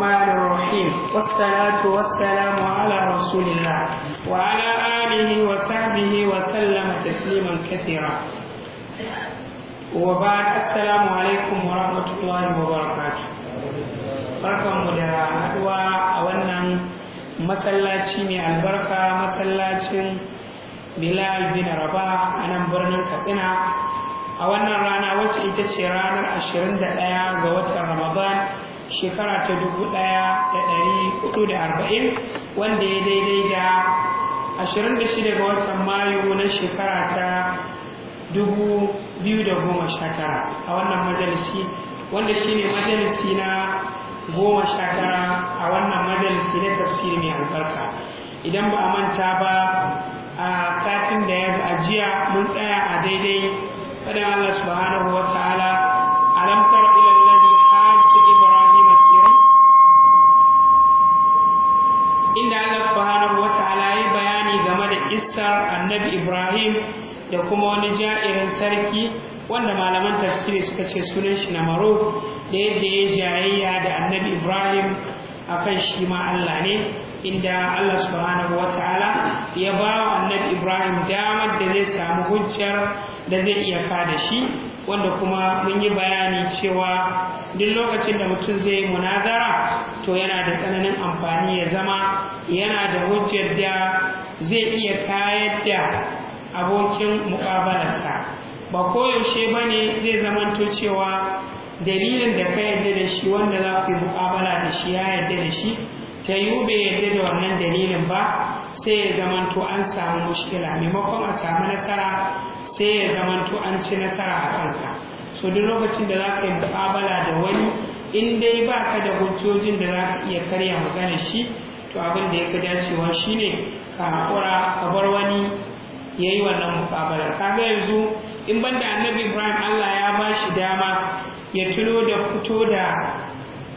الرحمن الرحيم والصلاة والسلام على رسول الله وعلى آله وصحبه وسلم تسليما كثيرا وبعد السلام عليكم ورحمة الله وبركاته barkanmu da haɗuwa a wannan masallaci mai albarka masallacin bilal bin raba a nan birnin katsina a wannan rana wacce ita ce ranar 21 ga watan ramadan shekara ta dubu ɗaya da ɗari hudu da arba'in wanda ya daidai da ashirin da shida ga watan mayu na shekara ta dubu biyu da goma sha tara a wannan majalisi wanda shine majalisi na goma sha tara a wannan majalisi na tafsiri mai albarka idan ba a manta ba a satin da ya ajiya mun tsaya a daidai faɗin Allah subhanahu wa ta'ala alamtar Allah subhanahu ta'ala ya bayani game da isa annabi Ibrahim da kuma wani ja'irin sarki wanda malaman tafsiri suka ce sunan shi na maro da yadda ya jayayya da annabi Ibrahim akan shi ma Allah ne inda Allah subhanahu ta'ala ya ba wa annabi Ibrahim damar da zai samu hujjar da zai iya fada shi wanda kuma mun yi bayani cewa duk lokacin da mutum zai yi munazara to yana da tsananin amfani ya zama yana da hujjar da zai iya kayar da abokin muƙabalarsa ba koyaushe ba ne zai zamanto cewa dalilin da ka yarda da shi wanda za ku yi muƙabala da shi ya yarda da shi ta yi bai yarda da wannan dalilin ba sai ya zamanto an samu mushkila maimakon a samu nasara sai ya zamanto an ci nasara a kanka so duk lokacin da za ka yi mu'amala da wani in dai ba ka da hujjojin da za ka iya karya magana shi to abin da ya fi dacewa shine ka haƙura ka bar wani ya yi wannan ka kaga yanzu in ban da annabi ibrahim allah ya ba shi dama ya tuno da fito da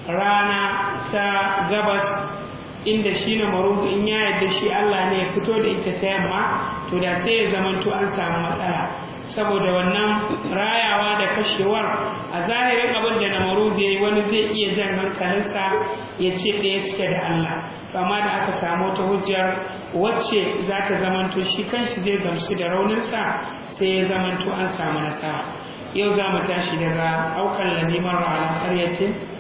rana ta gabas inda shi na maroko in ya yadda shi Allah ne ya fito da ita ta yamma to da sai ya zamanto an samu matsala saboda wannan rayawa da kashewar a zahirin abin da na ya yi wani zai iya jan hankalinsa ya ce ɗaya suke da Allah to amma da aka samu ta hujjar wacce za ta zamanto shi kanshi zai gamsu da rauninsa sai ya zamanto an samu nasara yau za mu tashi daga aukan lamiman ra'ayin karyacin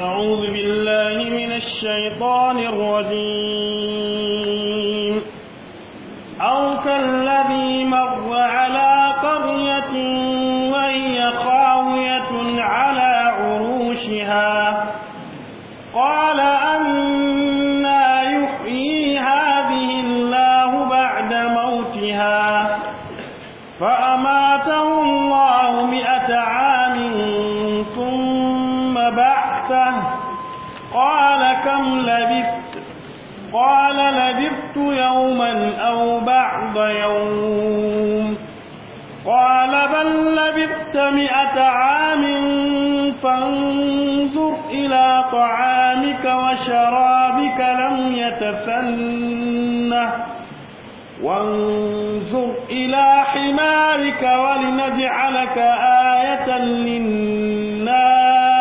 أعوذ بالله من الشيطان الرجيم أو كالذي مر على قرية وهي خاوية على عروشها قال أنا يحيي هذه الله بعد موتها فأماته الله مئة عام كم لبثت قال لبثت يوما أو بعض يوم قال بل لبثت مئة عام فانظر إلى طعامك وشرابك لم يتفنه وانظر إلى حمارك ولنجعلك آية للناس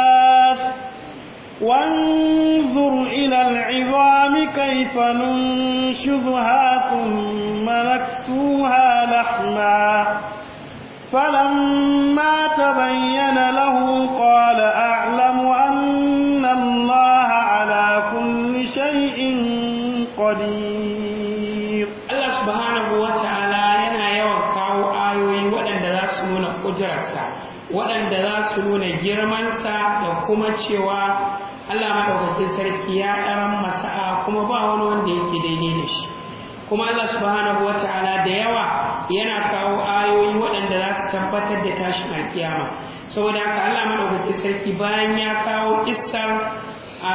وانظر إلى العظام كيف ننشذها ثم نكسوها لحما فلما تبين له قال أعلم أن الله على كل شيء قدير الله سبحانه وتعالى ينا يوقع آيوي وأن لا سنون قدرسا waɗanda za su nuna girmansa da kuma cewa Allah madaukakin sarki ya ɗaran masa'a kuma ba wani wanda yake daidai da shi kuma Allah subhanahu wata'ala da yawa yana kawo ayoyi waɗanda za su tabbatar da tashin alkiyama saboda haka Allah madaukakin sarki bayan ya kawo kissar a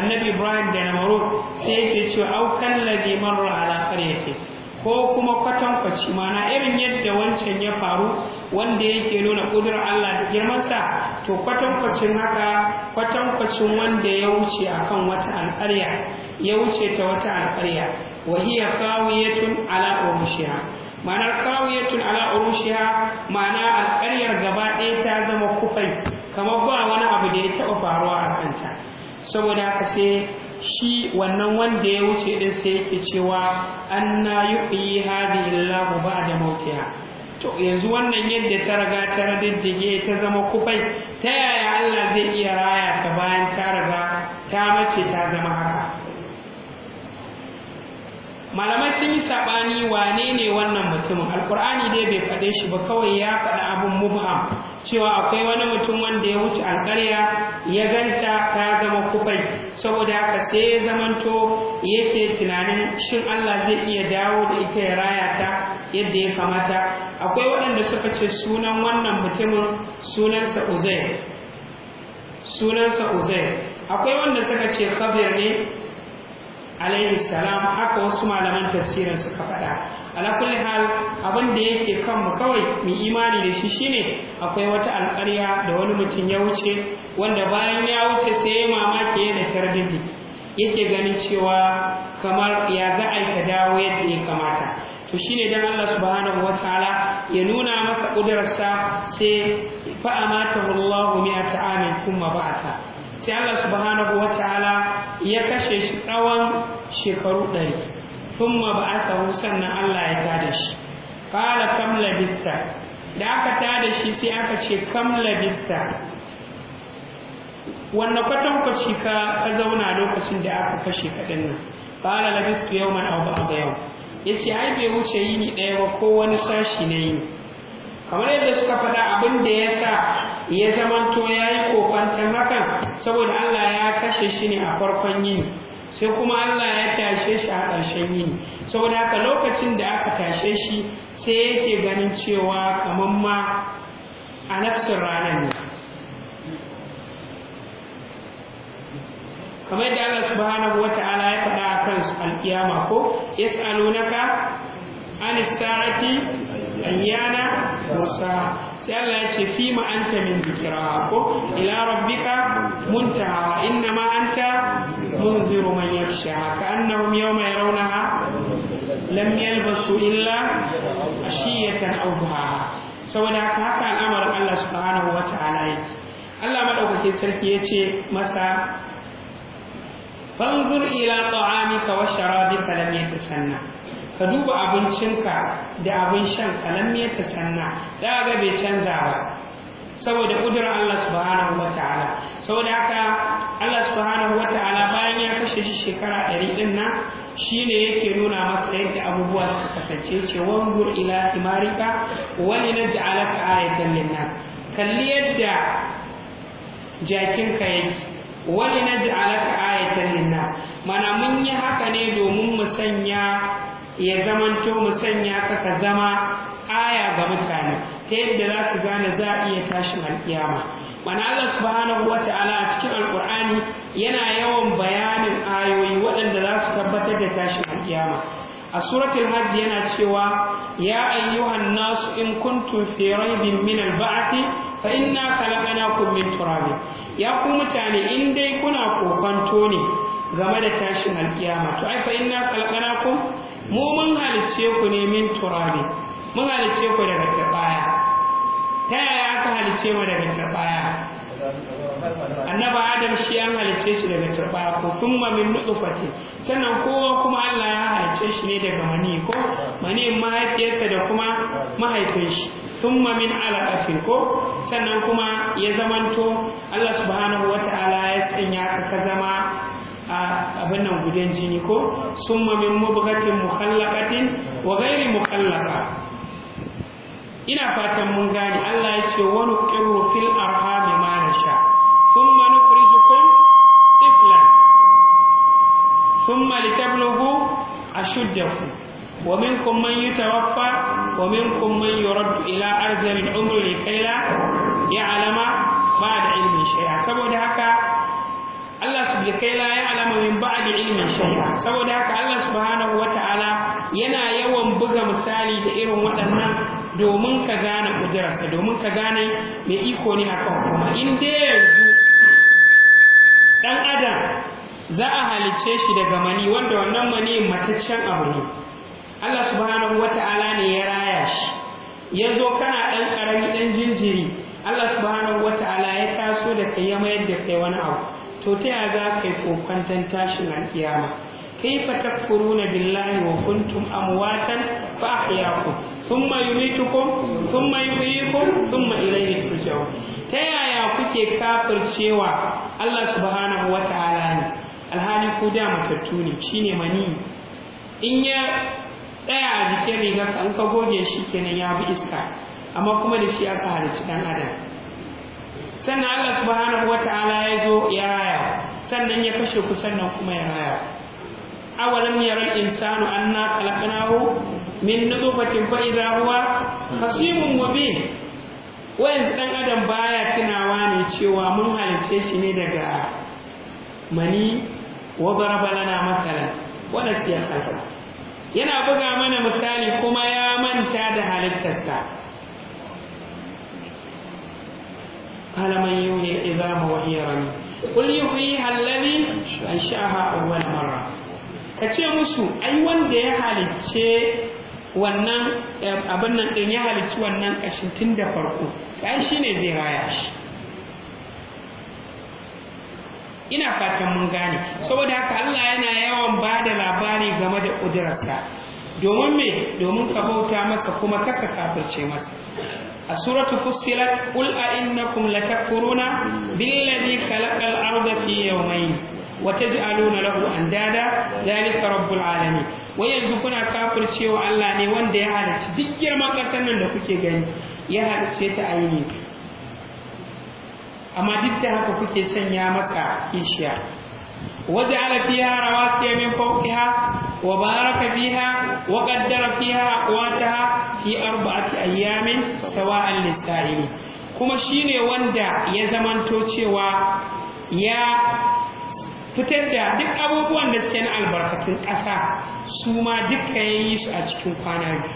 annabi Ibrahim da Namrud sai yake cewa aukan ladhi marra ala qaryati ko kuma kwatankwaci mana irin yadda wancan ya faru wanda yake nuna ƙudurar Allah da girmansa to kwatankwacin haka kwatankwacin wanda ya wuce akan wata alƙarya ya wuce ta wata alƙarya wa hiya khawiyatun ala urushiha ma'anar kawuyatun ala urushiha ma'ana alƙaryar gaba ɗaya ta zama kufai kamar ba wani abu da ya taɓa faruwa a kanta saboda haka sai shi wannan wanda ya wuce din sai yake cewa anna yuhyi hadhihi Allahu ba'da mautiha to yanzu wannan yadda ta riga ta raddige ta zama kufai ta yaya Allah zai iya raya ta bayan ta riga ta mace ta zama haka malamai sun yi saɓani wane ne wannan mutumin alkur'ani dai bai faɗe shi ba kawai ya faɗa abin mubham cewa akwai wani mutum wanda ya wuce alƙarya ya ganta ta zama kufai saboda haka sai ya zamanto yake tunanin shin Allah zai iya dawo da ita ya raya ta yadda ya kamata akwai waɗanda suka ce sunan wannan mutumin sunansa uzair akwai wanda suka ce kabir ne alaihi salam haka wasu malaman tafsirin suka faɗa ala kulli hal abin da yake kan mu kawai mu imani da shi shine akwai wata alƙarya da wani mutum ya wuce wanda bayan ya wuce sai ya mamaki yana tardidi yake ganin cewa kamar ya za a ka dawo yadda ya kamata to shine dan Allah subhanahu wataala ya nuna masa ƙudurarsa sai fa amatahu Allahu mi'ata amin kuma ba'ata sai Allah subhanahu wa ta'ala ya kashe shi tsawon shekaru ɗari sun ma ba a sannan Allah ya tada shi fara kam labista da aka tada shi sai aka ce kam labista wanda kwatankwaci ka ka zauna lokacin da aka kashe kaɗan nan fara labistu yau man abu abu yau ya ce ai bai wuce yini ɗaya ba ko wani sashi na yi. kamar yadda suka faɗa abin da ya sa ya zamanto ya yi kokwantar hakan saboda Allah ya kashe shi ne a farkon yin, sai kuma Allah ya tashe shi a ƙarshen yin saboda haka lokacin da aka tashe shi sai yake ganin cewa kamar ma a nafsin ranar ne kamar yadda Allah subhanahu wa ta'ala ya faɗa a kan alƙiyama ko yas'alunaka an sa'ati iyana wasa sai Allah ya ce fi ma anta min zikira ko ila rabbika muntaha inna ma anta munziru man yakhsha ka annahum yawma yarawnaha lam yalbasu illa ashiyatan aw duhaha saboda haka haka al'amarin Allah subhanahu wa ta'ala yake Allah madaukakin sarki ya ce masa fanzur ila ta'amika wa sharabika lam yatasanna ka duba abincinka da abin shan ka nan ta sanna da ga bai canza ba saboda kudura Allah subhanahu wa saboda haka Allah subhanahu wa ta'ala bayan ya kashe shi shekara ɗari din nan shi ne yake nuna masa yadda abubuwa su kasance ce wangur ila timarika wani na ja'alaka ayatan linnas kalli yadda jakinka yake wani na ja'alaka ayatan linnas mana mun yi haka ne domin mu sanya ya zamanto mu sanya ka zama aya ga mutane ta yadda za su gane za a iya tashin alkiyama mana Allah subhanahu wa ta'ala a cikin alkur'ani yana yawan bayanin ayoyi waɗanda za su tabbatar da tashin alkiyama a suratul hajj yana cewa ya ayyuhan nasu in kuntum fi raibin min al fa inna khalaqnakum min turab ya ku mutane in dai kuna kokonto ne game da tashin alkiyama to ai fa inna khalaqnakum mu mun halice ku ne min turabi mun halice ku daga turbaya ta yaya aka halice mu daga turbaya annaba adam shi an halice shi daga turbaya ko thumma min nutfati sannan kowa kuma Allah ya halice shi ne daga mani ko mani mahaifiyarsa da kuma mahaifin shi thumma min alaqatin ko sannan kuma ya zamanto Allah subhanahu wataala ya sanya ka zama a abin nan gudan jini ko summa min mubghatin mukhallaqatin wa ghairi mukhallaqa ina fatan mun gane Allah ya ce wa nuqiru fil arhami ma nasha thumma nukhrijukum tiflan thumma litablughu ashuddakum wa minkum man yatawaffa wa minkum man yuraddu ila ardhi min umri ya alama ba da ilmin shay'a saboda haka Allah su kai la a alama min da ilimin shay'a saboda haka Allah subhanahu wata'ala yana yawan buga misali da irin waɗannan domin ka gane kudirarsa domin ka gane mai iko ne a kan kuma in dai yanzu ɗan adam za a halicce shi daga mani wanda wannan mani mataccen abu ne Allah subhanahu wata'ala ne ya raya shi ya zo kana ɗan ƙarami ɗan jinjiri Allah subhanahu wata'ala ya taso da kai ya mayar da kai wani abu to ta yaya za ka yi kokwanton tashin fa kaifa na billahi wa kuntum amwatan fa ahyaakum thumma yumitukum thumma yuhyikum thumma ilayhi turja'un ta yaya kuke kafircewa Allah subhanahu wa ta'ala ne alhali ku da matattu ne shine mani in ya tsaya a jikin rigar ka in ka goge shi kenan ya bi iska amma kuma da shi aka halicci dan adam sannan Allah subhanahu wata'ala ya zo ya raya sannan ya kashe ku sannan kuma ya raya awalam yaral insanu anna khalaqnahu min nutfatin fa idha huwa khasimun mubin wayan dan adam baya tunawa ne cewa mun halice shi ne daga mani wa daraba lana mathalan wanda nasiya khalqa yana buga mana misali kuma ya manta da halittarsa من يوهي العظام وهي رمي قل يحييها الذي انشاها اول مره kace musu ai wanda ya halicce wannan abin nan din ya halicci wannan kashin tun da farko ai shine zai raya shi ina fatan mun gane saboda haka Allah yana yawan ba da labari game da ƙudurarsa domin me domin ka bauta masa kuma kaka kafirce masa a suratu fussilat qul a innakum latakfuruna billadhi khalaqa al-arda fi yawmayn wa taj'aluna lahu andada dhalika rabbul alamin wai yanzu kuna kafir cewa Allah ne wanda ya halicci duk girman ƙasar nan da kuke gani ya halicce ta aini amma duk da haka kuke sanya masa kishiya waje ala fiha rawasiya min fawqiha وبارك فيها وقدر فيها أقواتها في أربعة أيام سواء للسائلين kuma shine wanda ya zamanto cewa ya fitar da duk abubuwan da suke na albarkatun ƙasa su ma duka ya yi su a cikin kwana biyu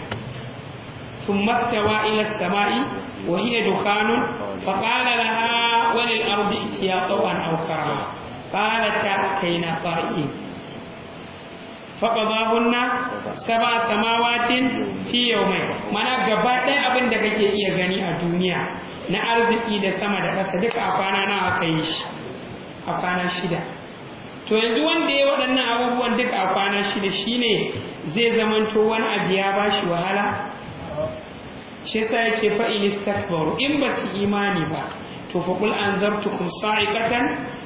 sun mastawa ila sama'i wa hiya dukanun fa qala laha walil ardi ya tawan aw karama qalat ta kaina faqadahunna sab'a samawatin fi yawmayn mana gaba ɗaya abin da kake iya gani a duniya na arziki da sama da ƙasa duka a kwana aka yi shi a shida to yanzu wanda ya waɗannan abubuwan duka a kwana shida shine zai zamanto wani abu ya ba shi wahala shi yasa yake fa in istakbaru in ba su imani ba to fa qul anzartukum sa'iqatan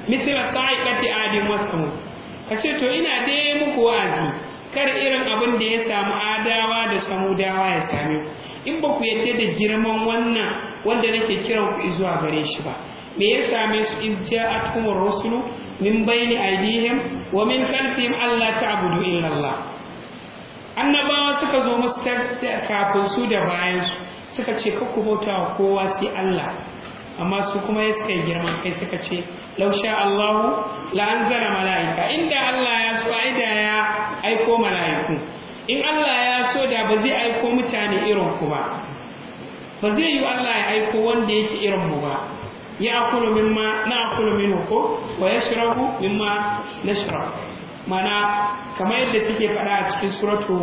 mithla sa'iqati adin wa thamud ka ce to ina dai muku wa'azi kar irin abin da ya samu adawa da samudawa ya same ku in ba ku yadda da girman wannan wanda nake kiran ku zuwa gare shi ba me ya same su in ja'atuhum rusulu min ni aydihim wa min khalfihim alla ta'budu illa Allah annabawa suka zo musu kafin su da bayansu, suka ce ku bauta wa kowa sai Allah amma su kuma ya suka yi girman kai suka ce lausha Allahu la'anzara mala'ika inda Allah ya so aida ya aiko mala'iku in Allah ya so da ba zai aiko mutane irin ku ba ba zai yi Allah ya aiko wanda yake irin mu ba ya akulu mimma na akulu minhu ko wa ya ma, mimma shirahu mana kamar yadda suke faɗa a cikin suratu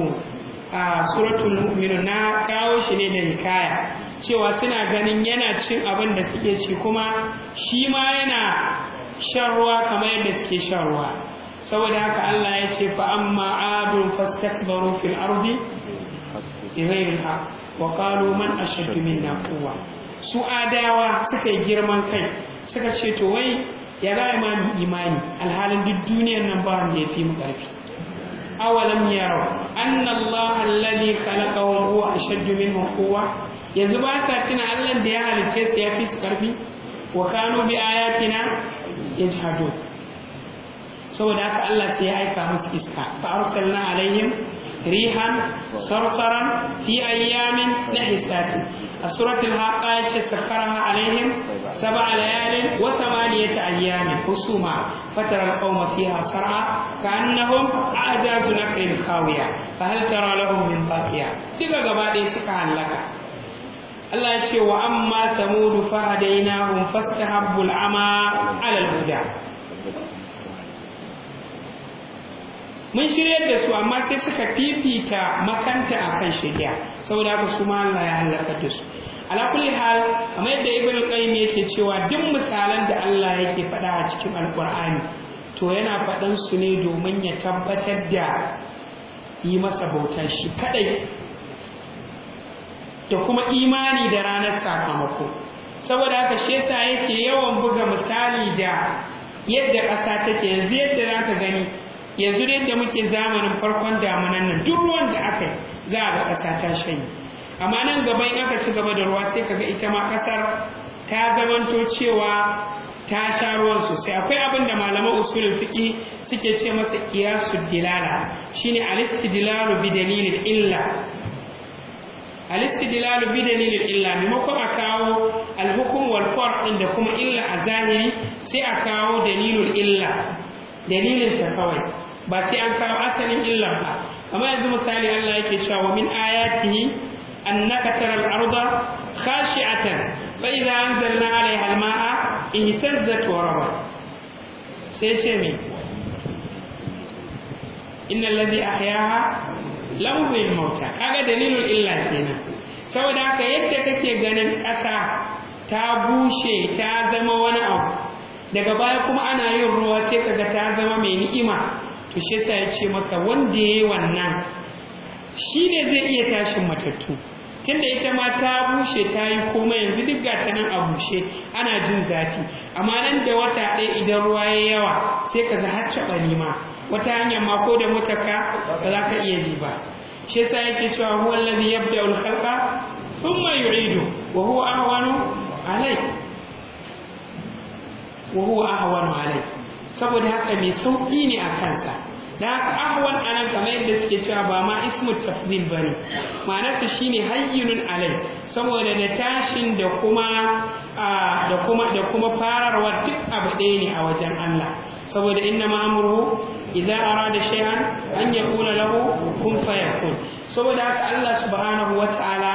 a suratun mu'minu na kawo shi ne da hikaya cewa suna ganin yana cin abin da suke ci kuma shi ma yana shan ruwa kamar yadda suke shan ruwa saboda haka Allah ya ce fa amma adun fastakbaru fil ardi bighayri wa qalu man ashaddu minna quwwa su adawa suka yi girman kai suka ce to wai ya ga imani alhalin duk duniyar nan ba wanda ya mu karfi awalam yarau anna Allah alladhi khalaqahum huwa ashaddu minhum quwwa yanzu ba sa tuna Allah da ya halice su ya fi su karfi wa kanu bi ayatina yajhadun saboda haka Allah sai ya aika musu iska fa arsalna alaihim rihan sarsaran fi ayyamin nahisati a suratul haqa ya ce sakkaraha alaihim sab'a layalin wa thamaniyata ayyamin husuma فترى القوم فيها صرعى كأنهم أعجاز نخل خاوية فهل ترى لهم من باقية سيغا غبادي سكا هلكا الله يقول وأما ثمود فهديناهم فاستحبوا العمى على الهدى mun shirya da su amma sai suka fifita makanta akan kan shirya saboda haka su ma Allah ya halaka da su ala kulli hal kamar yadda ibn qayyim yake cewa duk misalan da Allah yake faɗa a cikin alqur'ani to yana faɗan su ne domin ya tabbatar da yi masa bauta shi kadai da kuma imani da ranar sakamako saboda haka shi yasa yake yawan buga misali da yadda ƙasa take yanzu yadda za ka gani yanzu da muke zamanin farkon damunan nan duk ruwan da aka yi za a ga ƙasa ta shanye amma nan gaba in aka ci gaba da ruwa sai kaga ita ma ƙasar ta zamanto cewa ta sha ruwan sosai akwai abin da malaman usulul fiqi suke ce masa qiyasu dilala shine al-istidlalu bi dalilin illa al bi dalilil illa maimakon a kawo al-hukm wal da kuma illa a zahiri sai a kawo dalilul illa dalilin ta kawai ba sai an kawo asalin illar ba kamar yanzu misali Allah yake cewa wa min ayatihi annaka taral arda khashi'atan fa idza anzalna 'alayha al-ma'a ihtazzat wa rabat sai ce me innal ladhi ahyaha lawil mauta kaga dalilul illa kenan saboda haka yadda kake ganin ƙasa ta bushe ta zama wani abu daga baya kuma ana yin ruwa sai kaga ta zama mai ni'ima to shi ya ce maka wanda ya yi wannan shi ne zai iya tashin matattu tunda ita ma ta bushe ta yi koma yanzu duk ga ta nan a bushe ana jin zafi amma nan da wata ɗaya idan ruwa ya yawa sai ka za hacce wata hanyar ma ko da mutaka ba za ka iya yi ba shi yasa yake cewa huwa allazi yabda al khalqa thumma yu'idu wa huwa ahwanu alai wa huwa ahwanu alai saboda haka mai sauƙi ne a kansa da ahwan anan kamar yadda suke cewa ba ma ismu tafdil bane ma'anarsa shine hayyinun alai saboda da tashin da kuma da kuma da kuma fararwa duk abu ɗaya ne a wajen Allah saboda inna ma'amuru idza arada shay'an an yaqula lahu kun fayakun saboda haka Allah subhanahu wataala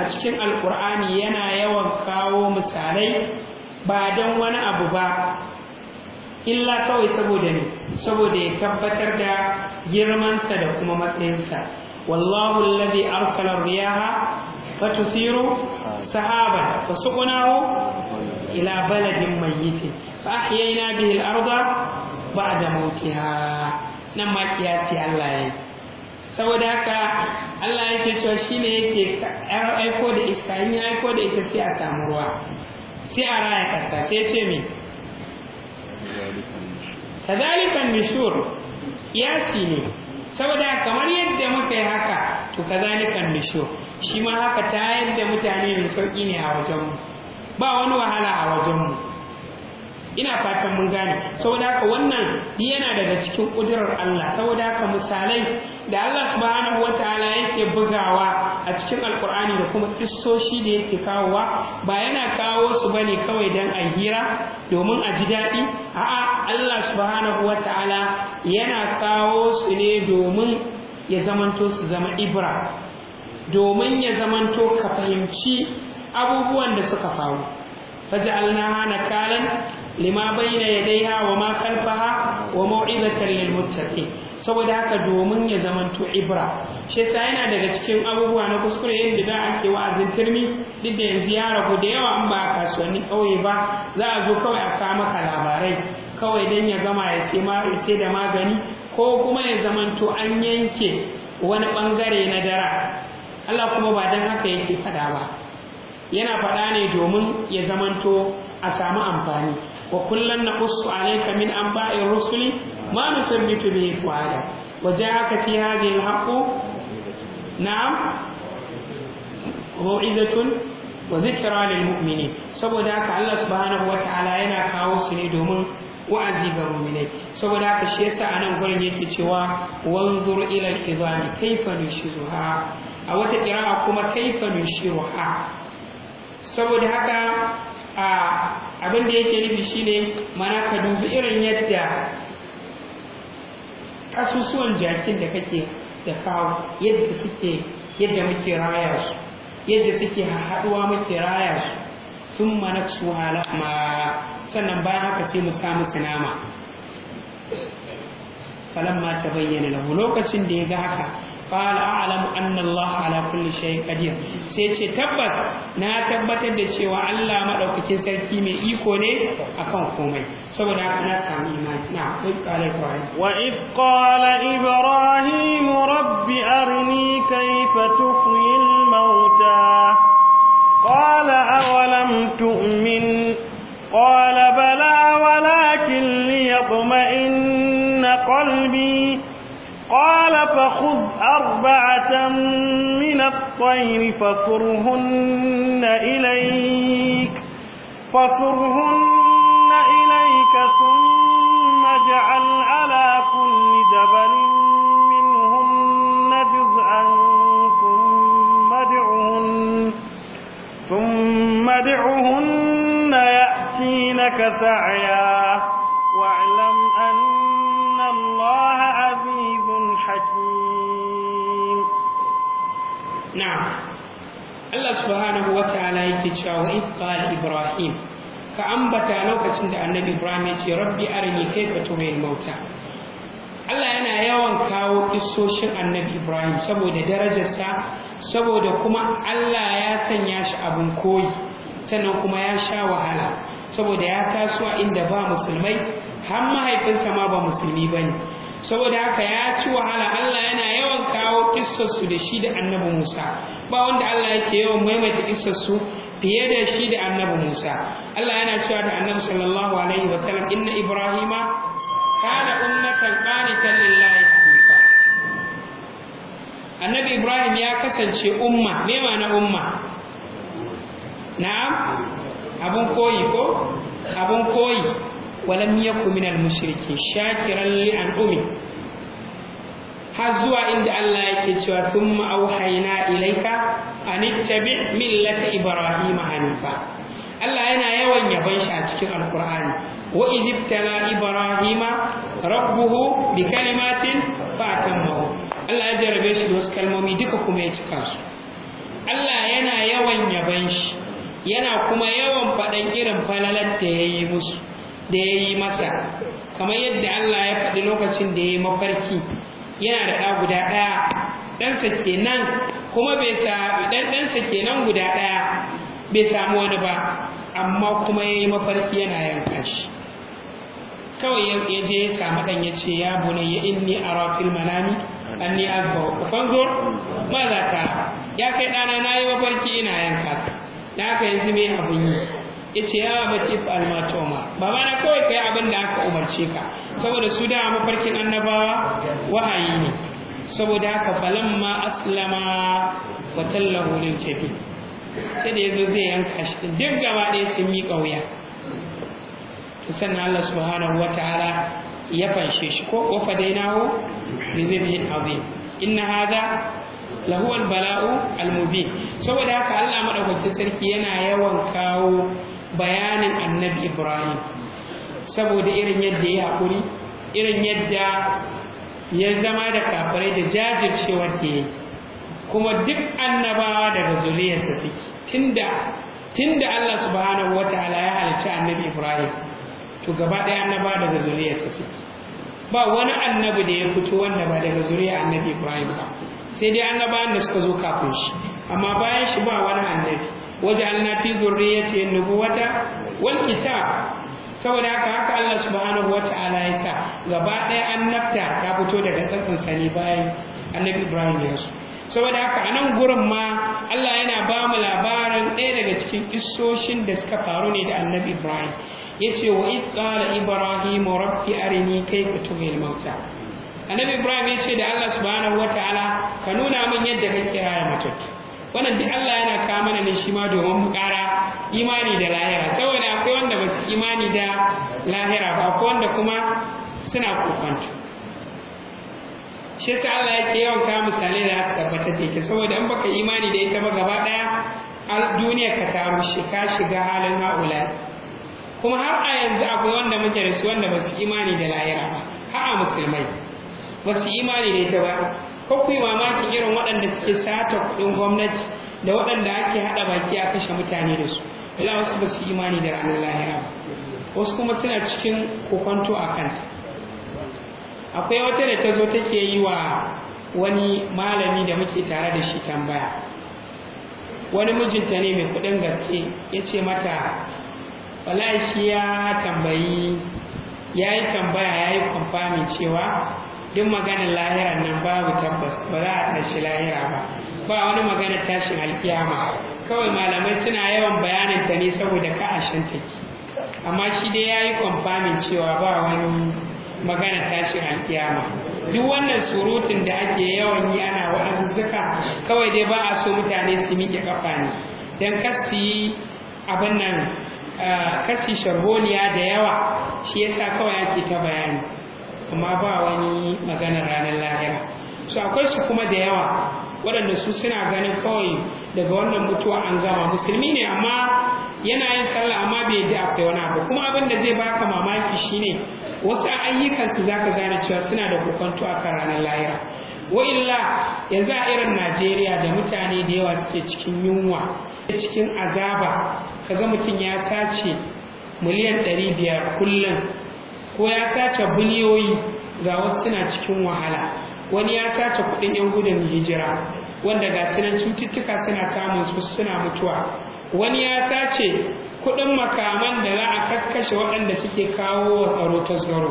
a cikin alqur'ani yana yawan kawo misalai ba dan wani abu ba illa kawai saboda ne saboda ya tabbatar da girmansa da kuma matsayinsa wallahu alladhi arsala riyaha fatusiru sahaban fasuqnahu ila baladin mayyitin fa ahyayna bihi al-ardha ba'da mawtiha nan ma kiyasi Allah yayi saboda haka Allah yake cewa shine yake aiko da iska in ya aiko da ita sai a samu ruwa sai a raya kasa sai ce me kadhalika nishur kiyasi ne saboda kamar yadda muka yi haka to kadhalika nishur shi ma haka ta yadda mutane mai sauki ne a wajenmu ba wani wahala a wajenmu ina fatan mun gane saboda haka wannan yana daga cikin kudurar Allah saboda haka misalai da Allah subhanahu wataala yake bugawa a cikin alkur'ani da kuma kissoshi da yake kawowa ba yana kawo su bane kawai dan a hira domin a ji daɗi a'a Allah subhanahu wataala yana kawo su ne domin ya zamanto su zama ibra domin ya zamanto ka fahimci abubuwan da suka faru faj'alnaha nakalan lima ya yadayha wa ma khalfaha wa mau'izatan lil saboda haka domin ya zamanto ibra shi yana daga cikin abubuwa na kuskure yin da ke wa'azin turmi duk da yanzu ya ragu da yawa an ba kasuwanni kauye ba za a zo kawai a kawo maka labarai kawai dan ya gama ya sai da magani ko kuma ya zamanto an yanke wani bangare na dara Allah kuma ba dan haka yake fada ba yana fada ne domin ya zamanto a samu amfani wa kullum na kusu alaika min an ba'in rusuli ma nusabbitu bihi fuada wa aka fi hadhihi haƙo Na na'am wa zikira lil mu'minin saboda haka Allah subhanahu wata'ala yana kawo su ne domin wa'azi ga mu'minai saboda haka shi yasa anan gurin yake cewa wanzur ila al-izami kayfa nushizuha a wata qira'a kuma kayfa nushiruha saboda haka abin da yake nufi shine mana ka dubi irin yadda kasusuwan jakin da kake da kawo yadda suke yadda muke raya su yadda suke haɗuwa muke raya su sun mana su halama sannan bayan haka sai mu samu sinama falamma ta bayyana lahu lokacin da ya ga haka qala a'lamu anna Allah ala kulli shay'in sai ce tabbas na tabbatar da cewa Allah madaukakin sarki mai iko ne akan komai saboda haka na samu imani na kai qala ibrahim wa if qala ibrahim rabbi arini kayfa tuhyi al-mauta qala awalam tu'min qala bala قال فخذ أربعة من الطير فصرهن إليك فصرهن إليك ثم اجعل على كل جبل منهن جزءا ثم ادعهن ثم ادعهن يأتينك سعيا واعلم أن حكيم نعم الله سبحانه وتعالى يكتشف وإذ قال إبراهيم فأنبت لوكة عند النبي إبراهيم يتي ربي أرني كيف تحيي الموتى Allah yana yawan kawo kisoshin annabi Ibrahim saboda darajarsa saboda kuma Allah ya sanya shi abin koyi sannan kuma ya sha wahala saboda ya taso inda ba musulmai har mahaifinsa ma ba musulmi bane saboda haka ya ci wahala Allah yana yawan kawo kissarsu da shi da annabi Musa ba wanda Allah yake yawan maimaita kissarsu fiye da shi da annabi Musa Allah yana cewa da annabi sallallahu alaihi wa sallam inna ibrahima kana ummatan qanitan lillahi hanifa annabi ibrahim ya kasance umma me ma'ana umma na'am abun koyi ko abun koyi walam yakun minal mushriki shakiran li an'umi har zuwa inda Allah yake cewa thumma ma'auhaina ilaika, an ittabi millata ibrahima hanifa Allah yana yawan yabon shi a cikin alkur'ani wa idibtala ibrahima rabbuhu bi kalimatin fatammahu Allah ya jarabe shi da wasu kalmomi duka kuma ya cika su Allah yana yawan yabon shi yana kuma yawan faɗan irin falalar da ya yi musu da ya yi masa kamar yadda Allah ya faɗi lokacin da ya yi mafarki yana da ɗa guda ɗaya ɗansa kenan kuma bai sa ɗan guda ɗaya bai samu wani ba amma kuma ya yi mafarki yana yanka shi kawai ya je ya samu ɗan ya ce ya bunayya inni a rafin manami anni azba fanzur ma za ta ya kai ɗana na yi mafarki ina yanka na ka yanzu mai abun yi yace ya bati almatoma baba na kawai kai abin da aka umarce ka saboda su da mafarkin annabawa wahayi ne saboda haka falamma aslama wa tallahu lil jabi sai da yazo zai yanka shi duk gaba ɗaya sun yi kauya to sannan Allah subhanahu wataala ya fanshe shi ko wa fadainahu bi zibhin azim inna hadha lahu al-bala'u al-mubin saboda haka Allah madaukakin sarki yana yawan kawo bayanin annabi ibrahim saboda irin yadda ya haƙuri irin yadda ya zama da kafirai da jajircewar da ya kuma duk annabawa daga zuriyarsa suke tunda tunda Allah subhanahu wataala ya halicci annabi ibrahim to gaba ɗaya annabawa daga zuriyarsa suke ba wani annabi da ya fito wanda ba daga zuriya annabi ibrahim ba sai dai annabawan da suka zo kafin shi amma bayan shi ba wani annabi waj'alna fi dhurriyyati an-nubuwata wata. kitab saboda haka haka Allah subhanahu ta'ala ya sa gaba ɗaya annabta ta fito daga tsatsan sani bayan annabi Ibrahim ya so saboda haka a nan gurin ma Allah yana ba mu labarin ɗaya daga cikin kissoshin da suka faru ne da annabi Ibrahim yace wa id qala ibrahim rabbi arini kayfa tuhil mauta annabi ibrahim ya ce da allah subhanahu ta'ala ka nuna min yadda ka kira da mutum wannan duk Allah yana kawo mana ne shi ma domin mu ƙara imani da lahira saboda akwai wanda ba su imani da lahira ba akwai wanda kuma suna kokonta shi yasa Allah ya ke yawan kawo misalai da su tabbatar da saboda in baka imani da ita ba gaba ɗaya duniya ka taru shi ka shiga halin ha'ula kuma har a yanzu akwai wanda muke da su wanda ba su imani da lahira ba har musulmai ba su imani da ita ba ko ku yi mamakin irin waɗanda suke sata kuɗin gwamnati da waɗanda ake haɗa baki a kashe mutane da su ila wasu ba su imani da ranar lahira wasu kuma suna cikin kokonto a kanta akwai wata da ta zo take yi wa wani malami da muke tare da shi tambaya wani mijinta ne mai kuɗin gaske ya ce mata Wala shi ya tambayi ya yi tambaya ya yi cewa duk maganar lahiran nan babu tabbas ba za a tashi lahira ba ba wani magana tashin alkiyama kawai malamai suna yawan bayanin ta ne saboda ka a shan amma shi dai ya yi kwamfamin cewa ba wani magana tashin alkiyama duk wannan surutun da ake yawan yi ana wa'azuzzuka kawai dai ba a so mutane su miƙe kafa ne don kasi abin nan ah, kasi da yawa shi yasa kawai ake ta bayani amma ba wani magana ranar lahira su akwai su kuma da yawa waɗanda su suna ganin kawai daga wannan mutuwa an gama musulmi ne amma yana yin sallah amma bai da akwai wani abu kuma abin da zai baka mamaki shine wasu ayyukansu zaka gane cewa suna da hukunto a kan ranar lahira wa'illa yanzu a irin najeriya da mutane da yawa suke cikin yunwa cikin azaba kaga mutum ya sace miliyan ɗari biyar kullum ko ya sace biliyoyi ga wasu suna cikin wahala wani ya sace kuɗin 'yan gudun hijira wanda ga sunan cututtuka suna samun su suna mutuwa wani ya sace kuɗin makaman da za a kakkashe waɗanda suke kawo wa tsaro ta tsaro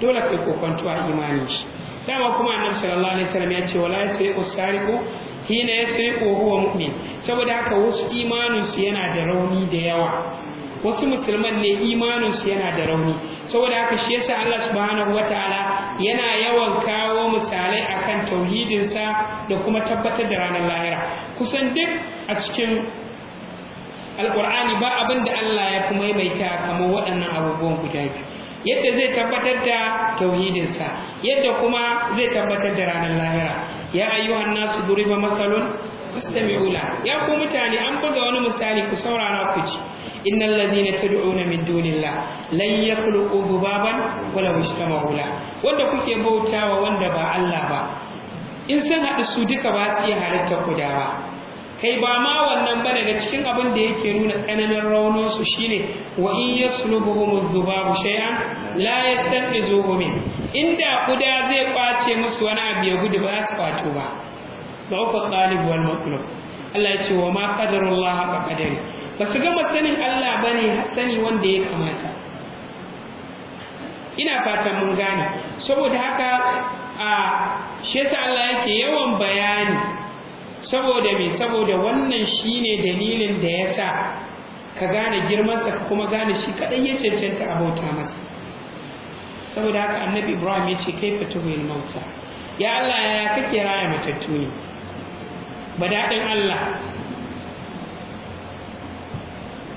dole kai kokwanto a imanin shi dama kuma annabi sallallahu alaihi wasallam ya ce wala yasriqu sariqu hina yasriqu huwa mu'min saboda haka wasu imanin su yana da rauni da yawa wasu musulman ne imanin su yana da rauni saboda haka shi yasa Allah subhanahu wataala yana yawan kawo misalai akan tauhidin sa da kuma tabbatar da ranar lahira kusan duk a cikin alqur'ani ba abin da Allah ya kuma maimaita kamar waɗannan abubuwan guda biyu yadda zai tabbatar da tauhidinsa yadda kuma zai tabbatar da ranar lahira ya ayyuhan nasu duriba masalun fastami'u la ya ku mutane an buga wani misali ku saurara ku ci إن الذين تدعون min دون الله لن يخلقوا ذبابا ta la wanda kuke bautawa wanda ba Allah ba in sun haɗu su duka ba su iya halitta kuda ba kai ba ma wannan ba da cikin abin da yake nuna tsananin raunin su shine wa in yaslubuhum adh-dhubabu shay'an la yastanqizuhu min inda kuda zai kwace musu wani abu ya gudu ba su kwato ba ba ku talib wal matlub Allah ya ce wa ma qadarullah ka qadari ba su gama sanin Allah ba ne sani wanda ya kamata ina fata mun gane saboda haka a shi yasa Allah yake yawan bayani saboda me saboda wannan shi ne dalilin da ya sa ka gane girmansa kuma gane shi kaɗai ya cancanta a bauta masa saboda haka annabi ibrahim ya ce kai mai mauta ya Allah ya kake raya matattu ne Ba daɗin Allah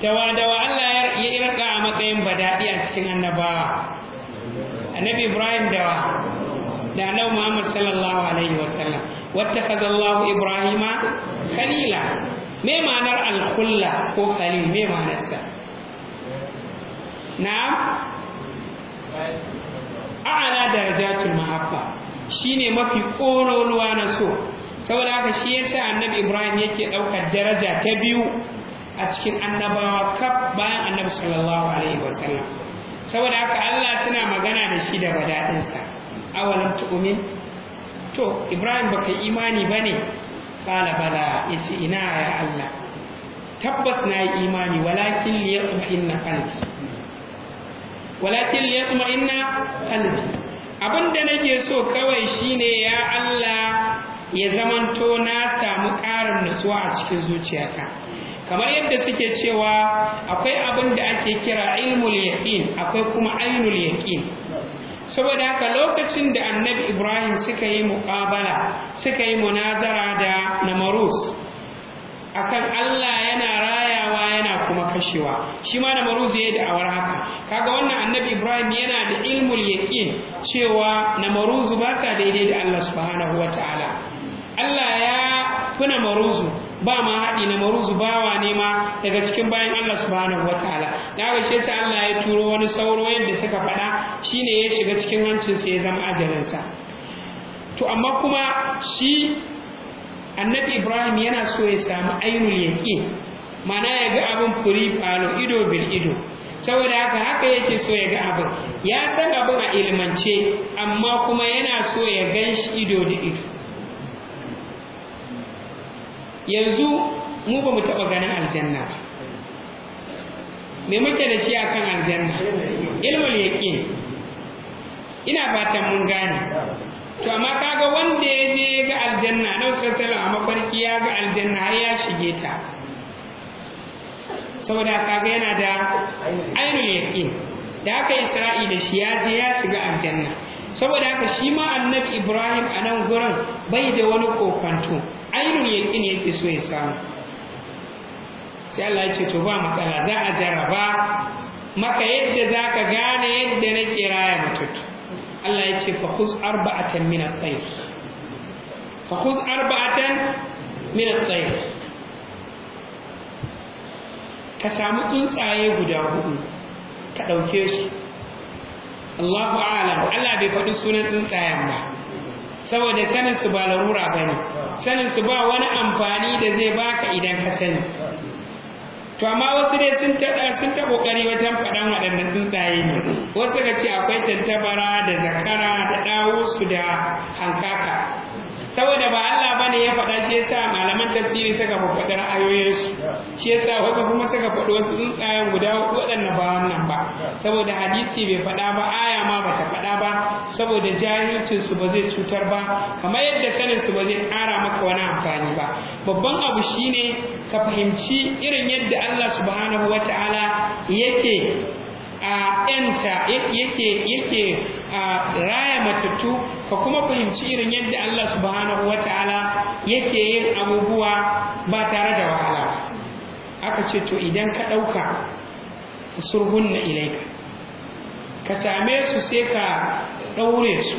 tawadawa Allah ya raka a matsayin badaɗi a cikin annabawa annabi Ibrahim dawa da annabi Muhammad sallallahu alaihi wa sallam wattakhadha Allahu Ibrahima khalila me ma'anar al ko khalil me ma'anar sa na'am a'la darajatul mahabba shine mafi kololuwa na so saboda haka shi yasa annabi Ibrahim yake daukar daraja ta biyu a cikin annabawa kaf bayan annabi sallallahu alaihi wasallam saboda haka Allah suna magana da shi da sa awalam tu'min to Ibrahim baka imani bane qala bala isi ina ya Allah tabbas na yi imani walakin liyatma'inna qalbi walakin liyatma'inna qalbi abinda nake so kawai shine ya Allah ya zamanto na samu ƙarin nutsuwa a cikin zuciyata kamar yadda suke cewa akwai abin da ake kira ilmul yaqin akwai kuma ainul yaqin saboda haka lokacin da annabi ibrahim suka yi muqabala suka yi munazara da namarus akan allah yana rayawa yana kuma kashewa shi ma namarus ya yi da'awar haka kaga wannan annabi ibrahim yana da ilmul yaqin cewa namarus ba ta daidai da allah subhanahu wataala Allah ya kuna maruzu ba ma haɗi na maruzu bawa ne ma daga cikin bayan Allah subhanahu wataala da haka shi yasa Allah ya turo wani sauro yadda suka faɗa shine ya shiga cikin hancin sa ya zama ajalinsa to amma kuma shi annabi Ibrahim yana so ya samu ainul yaqin mana ya ga abin furi falo ido bil ido saboda haka haka yake so ya ga abin ya san abin a ilmance amma kuma yana so ya gan ido da ido yanzu mu ba mu taɓa ganin aljanna me muke da shi akan aljanna ilmul yaqin ina fatan mun gane to amma kaga wanda ya je ga aljanna na sallallahu a mafarki ya ga aljanna har ya shige ta saboda kaga yana da ainul yaqin da aka isra'i da shi ya je ya shiga aljanna saboda haka shi ma annabi ibrahim a nan gurin bai da wani kofanto ainun yaƙin yake so ya samu sai allah ya ce to ba matsala za a jaraba maka yadda za ka gane yadda na kiraya mututu allah ya ce fakus arba'atan min tsaye. tayr fakuz arba'atan min tsaye. ka samu tsuntsaye guda hudu ka ɗauke su Allahu a'lam Allah bai faɗi sunan tsuntsayen ba saboda sanin su ba larura bane sanin su ba wani amfani da zai baka idan ka sani to amma wasu dai sun tada sun ta kokari wajen faɗan waɗannan tsuntsaye ne wasu ga ce akwai tantabara da zakara da su da hankaka saboda ba Allah bane ya faɗa shi yasa malaman tafsiri suka faɗa ra'ayoyinsu shi yasa wasu kuma suka faɗo wasu tsuntsayen guda waɗanda ba wannan ba saboda hadisi bai faɗa ba aya ma bata faɗa ba saboda jahilcin su ba zai cutar ba kamar yadda sanin su ba zai ƙara maka wani amfani ba babban abu shine ka fahimci irin yadda Allah subhanahu wata'ala yake a yanta yake yake a raya matattu ka kuma fahimci irin yadda Allah subhanahu wata'ala yake yin abubuwa ba tare da wahala aka ce to idan ka ɗauka surhunna ilaika ka same su sai ka ɗaure su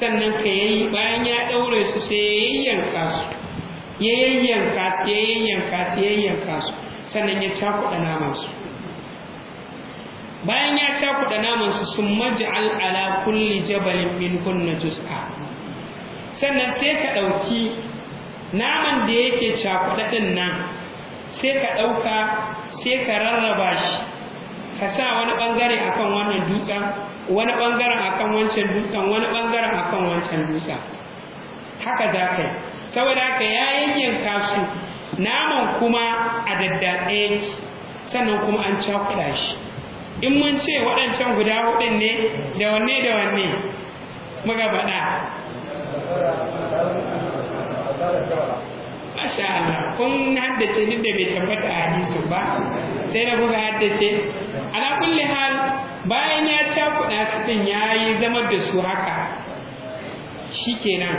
sannan ka yayi bayan ya ɗaure su sai ya yayyanka su ya yayyanka su ya yayyanka su ya yayyanka su sannan ya cakuɗa naman su bayan ya cakuɗa naman su sun maj'al ala kulli jabalin min kunna juz'a sannan sai ka ɗauki naman da yake cakuɗa ɗin nan sai ka ɗauka sai ka rarraba shi ka sa wani ɓangare akan wannan dutsen wani ɓangaren akan wancan dutsen wani ɓangaren akan wancan dutsen haka za ka yi saboda haka ya yanka su naman kuma a daddaɗe sannan kuma an cakuɗa shi in mun ce waɗancan guda hudun ne da wanne da wanne muka faɗa masha Allah kun haddace duk da bai tabbata a hadisu ba sai na kuka haddace ala kulli hal bayan ya cakuɗa su din yayi zama da su haka shikenan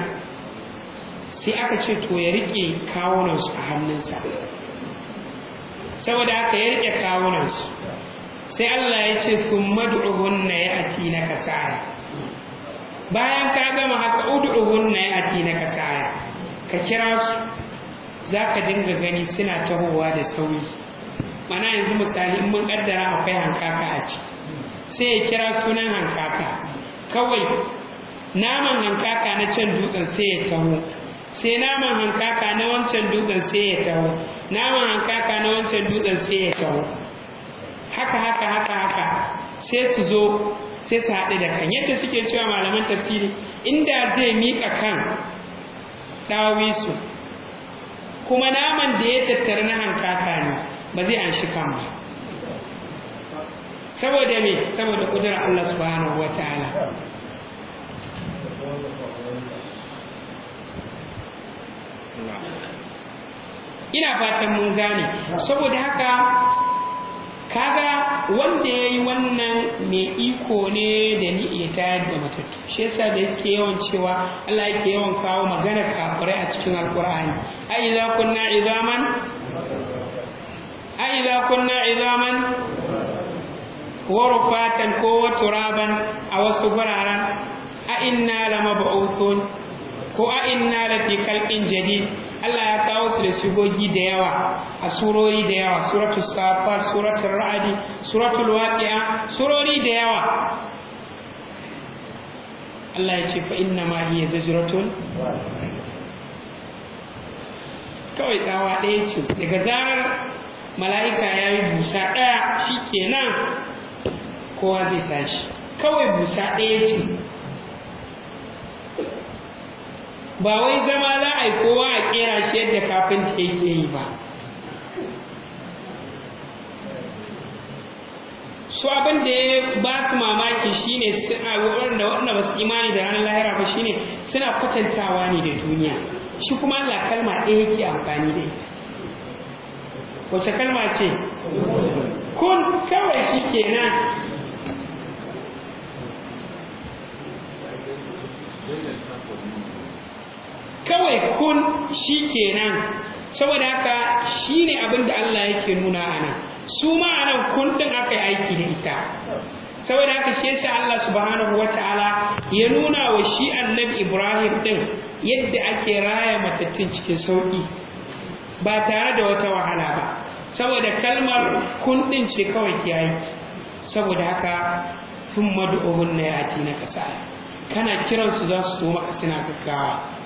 sai aka ce to ya rike kawunan a hannunsa saboda haka ya rike kawunansu, sai Allah ya ce thumma ya ci na sa'a bayan ka gama haka ud'uhunna ci na sa'a ka kira su za ka dinga gani suna tahowa da sauri mana yanzu misali in mun kaddara akwai hankaka a ci sai ya kira sunan hankaka kawai naman hankaka na can dutsen sai ya taho sai naman hankaka na wancan dutsen sai ya taho naman hankaka na wancan dutsen sai ya taho haka haka haka haka sai su zo sai su haɗu da kan yadda suke cewa malaman tafsiri inda zai miƙa kan ɗawisu kuma naman da ya tattara na hankaka ne ba zai an shi kan ba saboda me saboda kudura Allah subhanahu wa ta'ala ina fatan mun gane saboda haka kaga wanda ya yi wannan mai iko ne da ni da matattu shi yasa da yake yawan cewa Allah yake yawan kawo magana kafirai a cikin alkur'ani a idza kunna izaman a idza kunna izaman wa rufatan ko wa turaban a wasu guraren a inna lamab'uthun ko a inna lafi kalkin jadid Allah ya kawo su da shigogi da yawa a surori da yawa suratul safat suratul ra'd suratul waqi'a surori da yawa Allah ya ce fa inna ma hiya zajratun kawai tsawa ɗaya ce daga zarar mala'ika ya yi busa ɗaya shi kenan kowa zai tashi kawai busa ɗaya ce ba wai zama za a yi kowa a kera shi yadda kafinta yake yi ba su abin da ya ba su mamaki shi suna da waɗanda ba su imani da ranar lahira ba shi ne, suna kwatantawa ne da duniya shi kuma Allah kalma ɗaya yake amfani da ita wace kalma ce kun kawai shi kenan Thank kawai kun shi kenan saboda haka shi ne abin da Allah yake nuna a nan su ma a nan kun ɗin aka yi aiki da ita saboda haka shi yasa Allah subhanahu ta'ala ya nuna wa shi annabi Ibrahim ɗin yadda ake raya matattun cikin sauƙi ba tare da wata wahala ba saboda kalmar kun ɗin ce kawai ke aiki saboda haka sun madu'uhun na ya na ƙasa kana kiransu za su zo maka suna gaggawa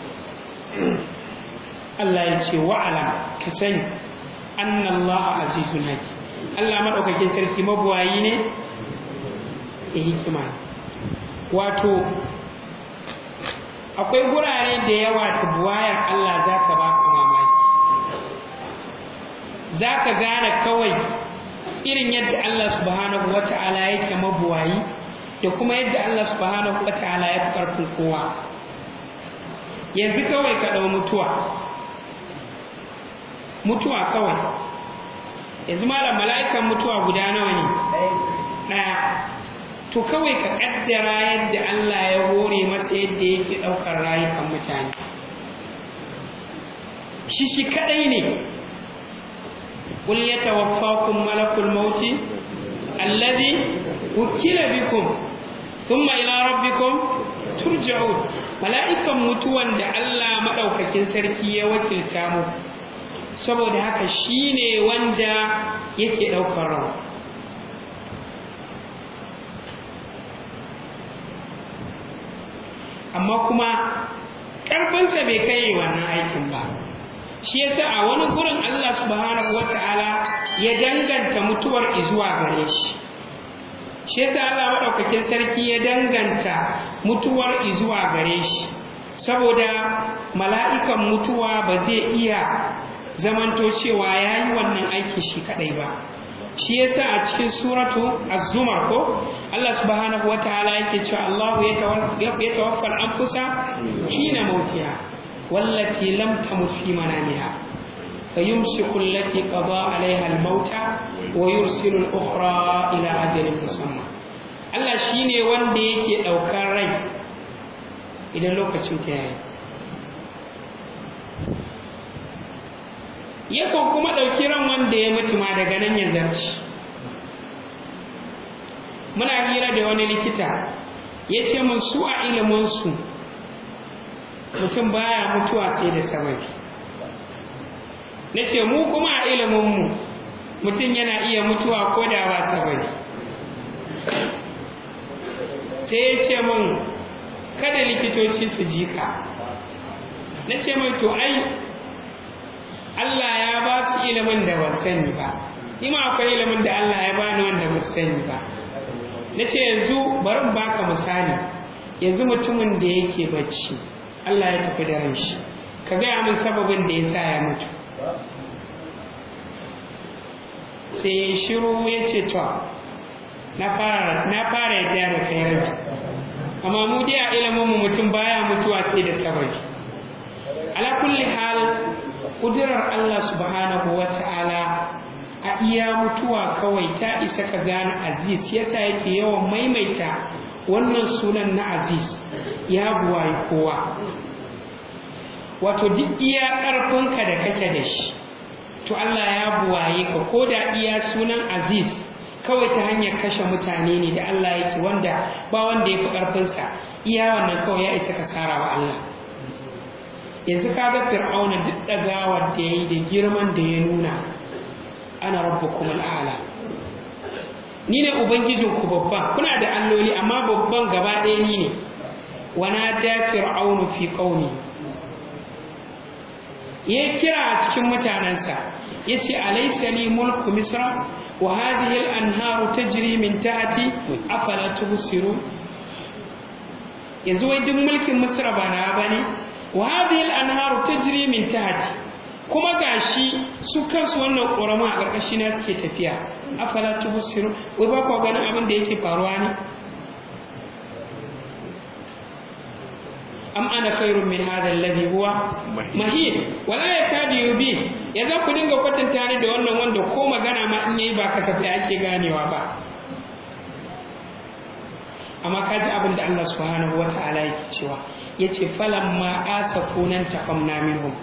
Allah ya ce wa'ala ka sani annallaha azizun haki Allah madaukakin sarki mabuwayi ne da hikima wato akwai gurare da yawa ta buwayan Allah za ka ba ka mamaki za ka gane kawai irin yadda Allah subhanahu wa ta'ala yake mabuwayi da kuma yadda Allah subhanahu wa ta'ala ya fi ƙarfin kowa yanzu kawai ka ɗau mutuwa mutuwa kawai yanzu malam mala'ikan mutuwa guda nawa ne ɗaya to kawai ka ƙaddara yadda Allah ya hore masa yadda yake ɗaukar rayukan mutane shi shi kaɗai ne قل يتوفاكم ملك الموت الذي وكل بكم ثم إلى turja'un mala'ikan mutuwan da Allah madaukakin sarki ya wakilta mu saboda haka shine wanda yake daukar rawa amma kuma sa bai kai wannan aikin ba shi yasa a wani gurin Allah subhanahu wata'ala ya danganta mutuwar izuwa gare shi shi yasa Allah madaukakin sarki ya danganta mutuwar izuwa gare shi saboda mala'ikan mutuwa ba zai iya zamanto cewa yayi wannan aiki shi kadai ba shi yasa a cikin suratu az-zumar ko Allah subhanahu wataala yake cewa Allahu tawaffa al-anfusa hina mautiha wallati lam tamut fi manamiha فيمسك التي قضى عليها الموت ويرسل الأخرى إلى أجل مسمى Allah shi ne wanda yake ɗaukar rai idan lokacin ta yakan kuma ɗauki ran wanda ya mutu ma daga nan ya zarci muna hira da wani likita ya ce mun su a su, mutum baya mutuwa sai da samaki. Na ce mu kuma a ilimin mu mutum yana iya mutuwa ko da ba sabari sai ya ce min kada likitoci su ji ka na ce mai to ai Allah ya ba su ilimin da ba sani ba ima akwai ilimin da Allah ya bani wanda ba sani ba na ce yanzu bari baka misali yanzu mutumin da yake bacci Allah ya tafi da ranshi ka gaya min sababin da ya sa ya mutu sai shiru ya ce to na fara ya fara da kai rabi amma mu dai a ilimin mu mutum baya mutuwa sai da sabari ala kulli hal kudirar Allah subhanahu wa ta'ala a iya mutuwa kawai ta isa ka gane aziz yasa yake yawan maimaita wannan sunan na aziz ya buwaye kowa wato duk iya ƙarfinka da kake da shi to Allah ya buwaye ka ko da iya sunan aziz kawai ta hanyar kashe mutane ne da Allah yake wanda ba wanda ya fi ƙarfinsa iya wannan kawai ya isa ka sara wa Allah yanzu ka ga fir'auna duk ɗagawar da ya yi da girman da ya nuna ana kuma al'ala ni ne ubangijinku babban kuna da alloli amma babban gaba ɗaya ni ne wana da fir'aunu fi ƙauni? ya kira a cikin mutanensa ya ce alaisa mulku misra wa hadhihi al-anharu tajri min tahti afala tubsiru yanzu wai duk mulkin misra ba na bane wa hadhihi al-anharu tajri min tahti kuma gashi su kansu wannan ƙorama a ƙarƙashi na suke tafiya afala tubsiru wai ba ku ganin abin da yake faruwa ne kana khairun min hadha alladhi huwa mahin wala yakadu yubi yanzu ku dinga kwatanta ni da wannan wanda ko magana ma in yayi ba kasafi ake ganewa ba amma kaji abin da Allah subhanahu wata'ala yake cewa yace ma asafunan taqamna minhum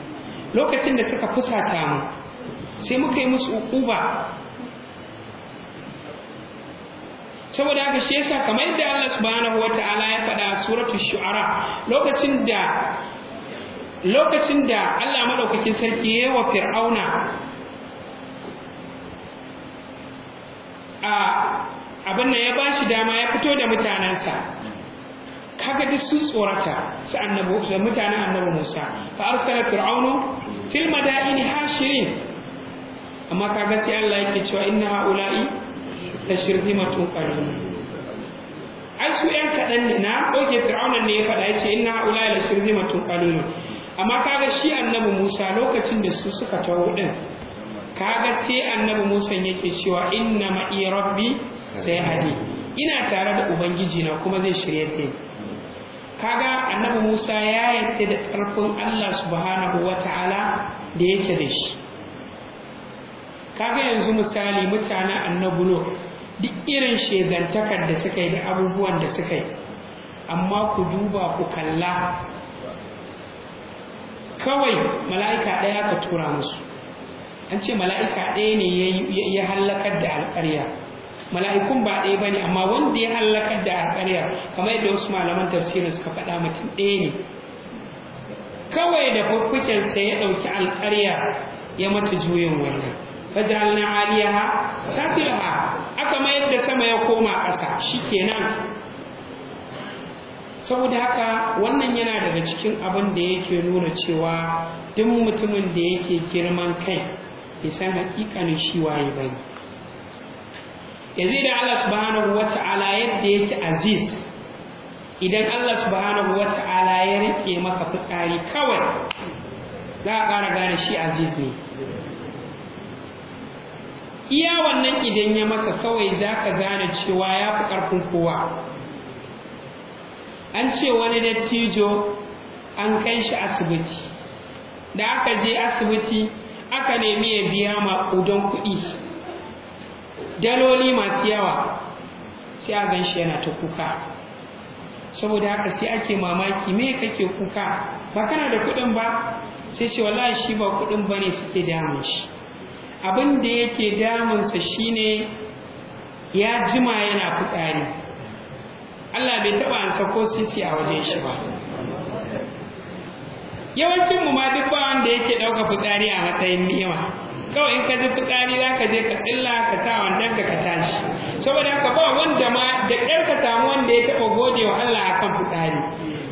lokacin da suka fusata mu sai muka yi musu uba saboda haka shi yasa kamar yadda Allah subhanahu wataala ya faɗa a suratul shu'ara lokacin da lokacin da Allah madaukakin sarki ya wa fir'auna a abin nan ya bashi dama ya fito da mutanensa kaga duk sun tsorata su annabi da mutanen annabi Musa fa arsala fir'aunu fil madaini hashirin amma kaga sai Allah yake cewa inna ha'ula'i Da shirhimatun qalil ai su yan kaɗan ne na ɗauke fir'auna ne ya faɗa ya ce inna haula la shirhimatun qalil amma kaga shi annabi Musa lokacin da su suka taho din kaga sai annabi Musa yake cewa inna ma rabbi sai hadi ina tare da ubangiji na kuma zai shirye da kaga annabi Musa ya yarda da karfin Allah subhanahu wataala da yake da shi kaga yanzu misali mutanen annabi Nuh duk irin shegantakar da suka yi da abubuwan da suka yi amma ku duba ku kalla kawai mala'ika ɗaya ka tura musu an ce mala'ika ɗaya ne ya hallakar da alƙarya mala'ikun ba ɗaya ba ne amma wanda ya hallakar da alƙarya kamar yadda wasu malaman tafsiri suka faɗa mutum ɗaya ne kawai da fuffukensa ya ɗauki alƙarya ya mata juyin wannan fajalna aliyaha safilaha aka mayar da sama ya koma ƙasa shi shikenan saboda haka wannan yana daga cikin abin da yake nuna cewa duk mutumin da yake girman kai ya san hakikanin shi waye bane yanzu da Allah subhanahu Ta'ala yadda yake aziz idan Allah subhanahu Ta'ala ya rike maka fitsari kawai za a ƙara gane shi aziz ne iya wannan idan ya masa kawai za ka gane cewa ya fi ƙarfin kowa an ce wani dattijo an kai shi asibiti da aka je asibiti aka nemi ya biya udon kuɗi daloli masu yawa sai a gan shi yana ta kuka saboda haka sai ake mamaki me kake kuka ba kana da kuɗin ba sai ce wallahi shi ba kuɗin bane suke damun shi abin da yake damunsa shine ya jima yana fitsari Allah bai taɓa ansa ko sisi a wajen shi ba yawancin mu ma duk wanda yake ɗauka fitsari a matsayin ni'ima kawai in ka ji fitsari za ka je ka tsilla ka sa wannan ka tashi saboda haka ba wanda ma da ƙyar ka samu wanda ya taɓa gode wa Allah akan fitsari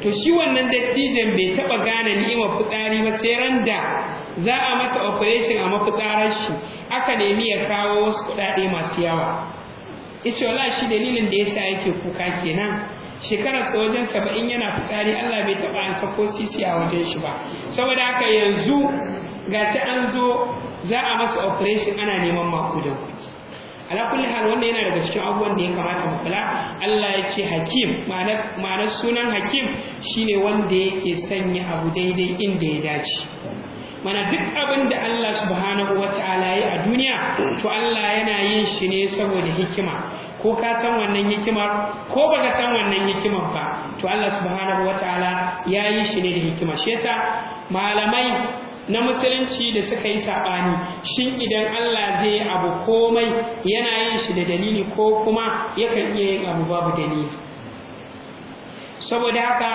to shi wannan dattijan bai taɓa gane ni'imar fitsari ba sai ran da za a masa operation a mafitsarar shi aka nemi ya kawo wasu kuɗaɗe masu yawa ita wala shi dalilin da yasa yake kuka kenan shekarar sa wajen saba'in yana fitsari Allah bai taba an sako sisi a wajen shi ba saboda haka yanzu ga ta an zo za a masa operation ana neman makudan kuɗi ala kulli hal wannan yana daga cikin abubuwan da ya kamata mu kula Allah ya ce hakim ma'anar sunan hakim shine wanda yake sanya abu daidai inda ya dace mana duk abin da Allah subhanahu wa ta'ala yi a duniya to Allah yana yin shi ne saboda hikima ko ka san wannan hikimar ko ba ka san wannan hikimar ba to Allah subhanahu wa ta'ala ya yi shi ne da hikima shi yasa malamai na musulunci da suka yi saɓani shin idan Allah zai yi abu komai yana yin shi da dalili ko kuma yakan iya yin abu babu dalili saboda haka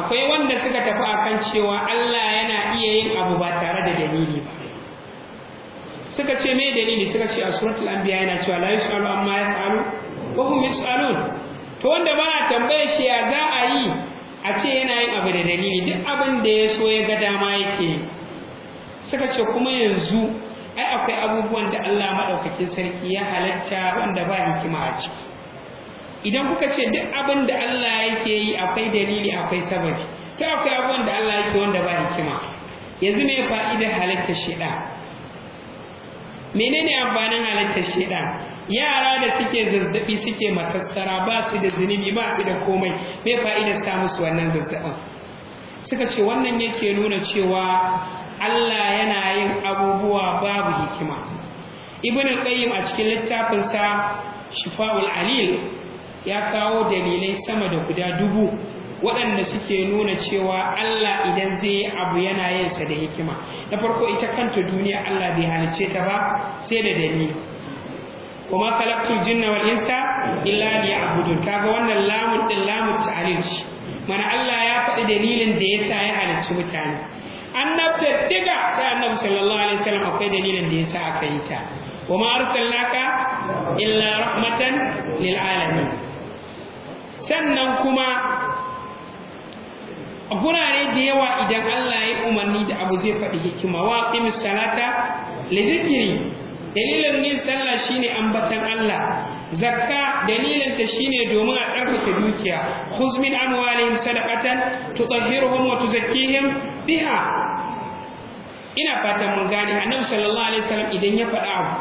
akwai wanda suka tafi a kan cewa Allah yana iya yin abu ba tare da dalili ba suka ce me dalili suka ce a suratul anbiya yana cewa la yusalu amma yafalu wa hum yusalun to wanda ba tambaye shi ya za a yi a ce yana yin abu da dalili duk abin da ya so ya ga dama yake suka ce kuma yanzu ai akwai abubuwan da Allah madaukakin sarki ya halatta wanda ba hikima a ciki idan kuka ce duk abin da Allah yake yi akwai dalili akwai sababi to akwai abin da Allah yake wanda ba hikima yanzu me fa'ida halittar shida menene amfanin halittar shida yara da suke zazzabi suke masassara ba su da zunubi ba su da komai me fa'idar sa musu wannan zazzabin suka ce wannan yake nuna cewa Allah yana yin abubuwa babu hikima ibnu qayyim a cikin littafinsa shifa'ul alil ya kawo dalilai sama da guda dubu waɗanda suke nuna cewa Allah idan zai yi abu yana yin sa da hikima na farko ita kanta duniya Allah bai halice ta ba sai da dalili kuma khalaqtul jinna wal insa illa liya'budun kaga wannan lamun din lamun ta'lil mana Allah ya faɗi dalilin da yasa ya halicci mutane annabta diga da annabi sallallahu alaihi wasallam akwai dalilin da yasa aka yi ta kuma arsalnaka illa rahmatan lil alamin sannan kuma a gurare da yawa idan Allah ya umarni da abu zai faɗi hikima wa qimis salata li dalilin yin sallah shine ambatan Allah zakka dalilinta ta shine domin a tsarkake dukiya khuz min amwalihim sadaqatan tutahhiruhum wa tuzakkihim biha ina fatan mun gane annabi sallallahu alaihi wasallam idan ya faɗa abu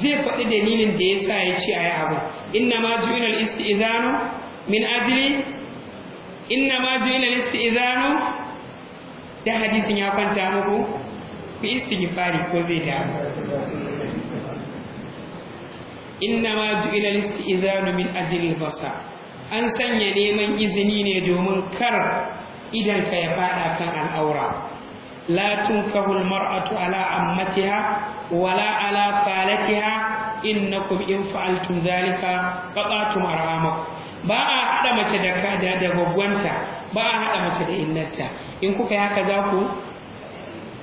zai faɗi dalilin da yasa ya ce ayi abu inna ma ju'ina al-istizanu min ajli innama ju'ila al-istizanu da hadisi ya kwanta muku ku istighfari ko zai da innama ju'ila al-istizanu min ajli al-basar an sanya neman izini ne domin kar idan ka ya fada kan al'aura لا تنكه المرأة على عمتها ولا على خالتها إنكم إن فعلتم ذلك قطعتم أرحامكم ba a haɗa mace da kada da gwaggwanta ba a haɗa mace da innarta in kuka yi haka za ku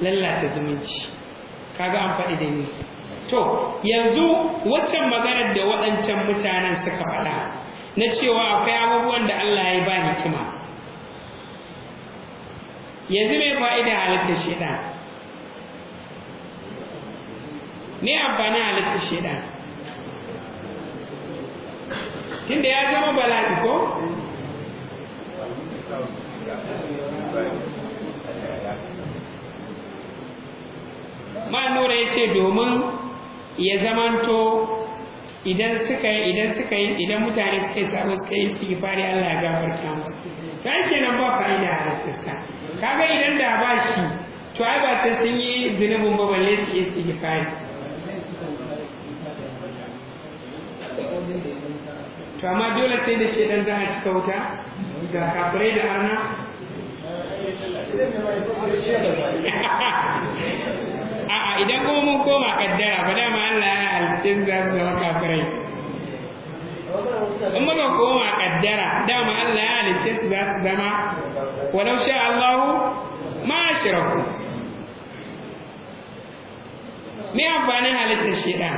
lallata zumunci kaga an faɗi da ni to yanzu waccan maganar da waɗancan mutanen suka faɗa na cewa akwai abubuwan da Allah ya ba hikima yanzu mai fa'ida halittar shaidan ne amfanin halittar shaidan tunda ya zama bala'i ko ma'anura ya ce domin ya zamanto idan suka yi idan suka yi idan mutane suka yi sabon suka yi istighfari Allah ya gafarta musu ta nan ba fa'ida a rafisa kaga idan da ba shi to ai ba ta sun yi zunubin ba balle su fari. to amma dole sai da shedan za a cika wuta ga kafirai da arna a'a idan kuma mun koma kaddara ba dama Allah ya halice za su zama kafirai in muka koma kaddara dama Allah ya halice su za su zama walau sha Allahu ma ashraku me amfanin halittar shedan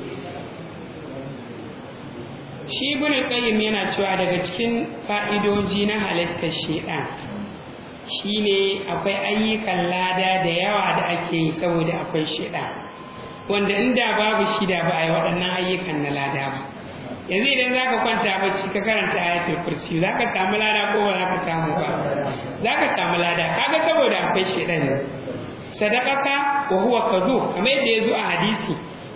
shi ibn qayyim yana cewa daga cikin fa'idoji na halittar shaitan shine akwai ayyukan lada da yawa da ake yi saboda akwai shaitan wanda inda babu shi da ba a yi waɗannan ayyukan na lada ba yanzu idan za ka kwanta bacci ka karanta ayatul kursi za ka samu lada ko ba za ka samu ba za ka samu lada kaga saboda akwai shaitan ne sadaqaka wa huwa kadhub kamar yadda ya zo a hadisi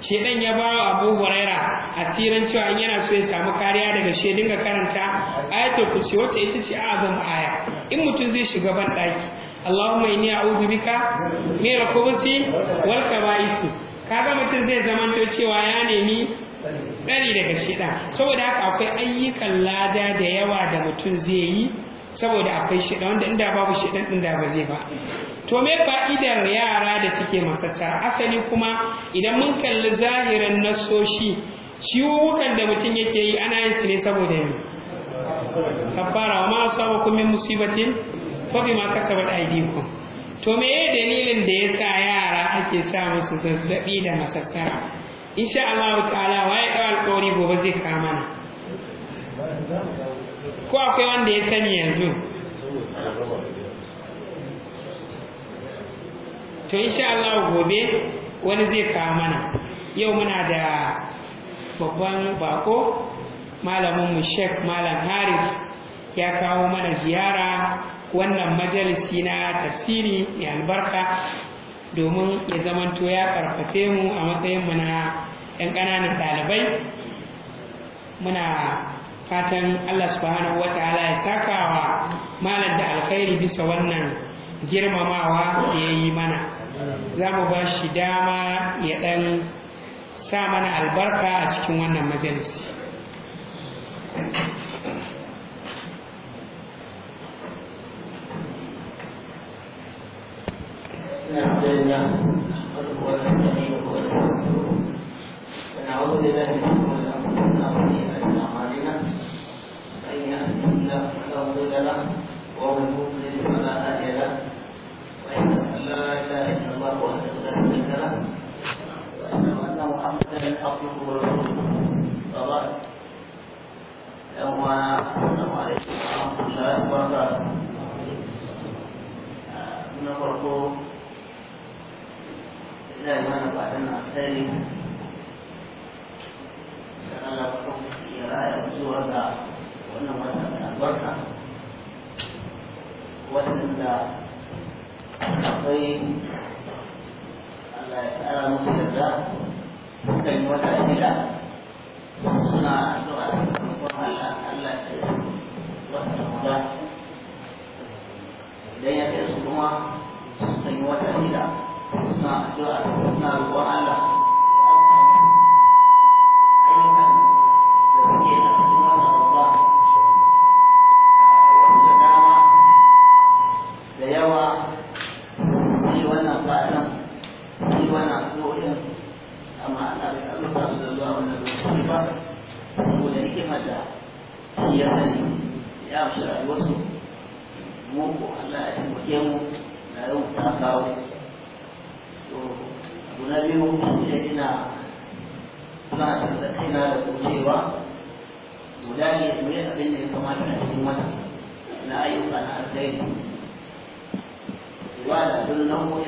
shedan ya bawa abu huraira asirin cewa in yana so ya samu kariya daga shi ga karanta ayatu kursi wacce ita ce azam aya in mutum zai shiga ban daki allahumma inni a'udhu bika min al khubusi wal khaba'ith kaga mutum zai zamanto cewa ya nemi tsari daga shedan saboda haka akwai ayyukan lada da yawa da mutum zai yi saboda akwai shedan wanda inda babu shedan din da ba zai ba to me fa'idar yara da suke masassa, asali kuma idan mun kalli zahirin nassoshi ciwuwukan da mutum yake yi ana yin su ne saboda yanzu kafara ma asabakum kuma musibatin fa bima kasabat aydikum to me ye dalilin da yasa yara ake sa musu zazzabi da masassara insha Allah ta'ala waye da alƙawari gobe zai kama na ko akwai wanda ya sani yanzu to insha Allah gobe wani zai kawo mana yau muna da babban bako malamin mu Sheikh Malam Harif ya kawo mana ziyara wannan majalisi na tafsiri ya albarka domin ya zamanto ya karfafe mu a matsayin mu na 'yan ƙananan ɗalibai muna fatan Allah subhanahu wa ya saka wa malam da alkhairi bisa wannan girmamawa da ya yi mana za mu ba shi dama ya ɗan sa mana albarka a cikin wannan majalisi نعوذ بالله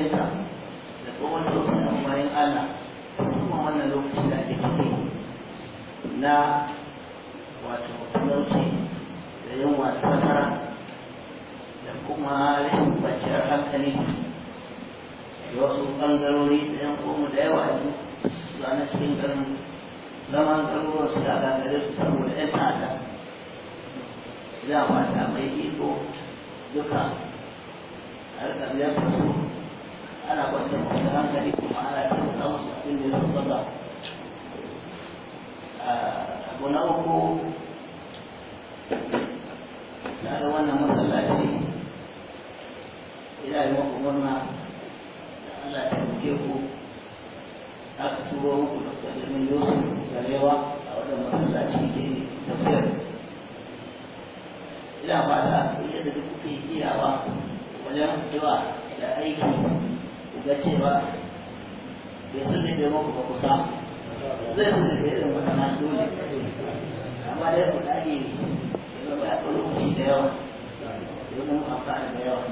iyayensa da tsohon tausayin bayan Allah kuma wannan lokaci da ake ciki na wato talauci da yunwa da fasara da kuma rashin kwanciyar hankali da wasu ɓangarori da yan komu da yawa yanzu na cikin garin zaman garuruwar su da gagare su saboda yan ta'adda za a fata mai iko duka har ƙaryar su ana kwantar masa hankali kuma ana rubuta masa abin da ya sauƙaƙa ah, abu na uku tare wannan masallaci ina yi muku murna da Allah ya ɗauke ku aka turo muku da kwajirin yusuf garewa a wannan masallaci da ke tafsir ina fata ku yadda duk kuke iyawa wajen cewa da aiki ya ce ba ya sun da muku ba ku samu zai sun da irin na dole amma dai ku dage ne ya a lokaci da yawa domin amfani da yawa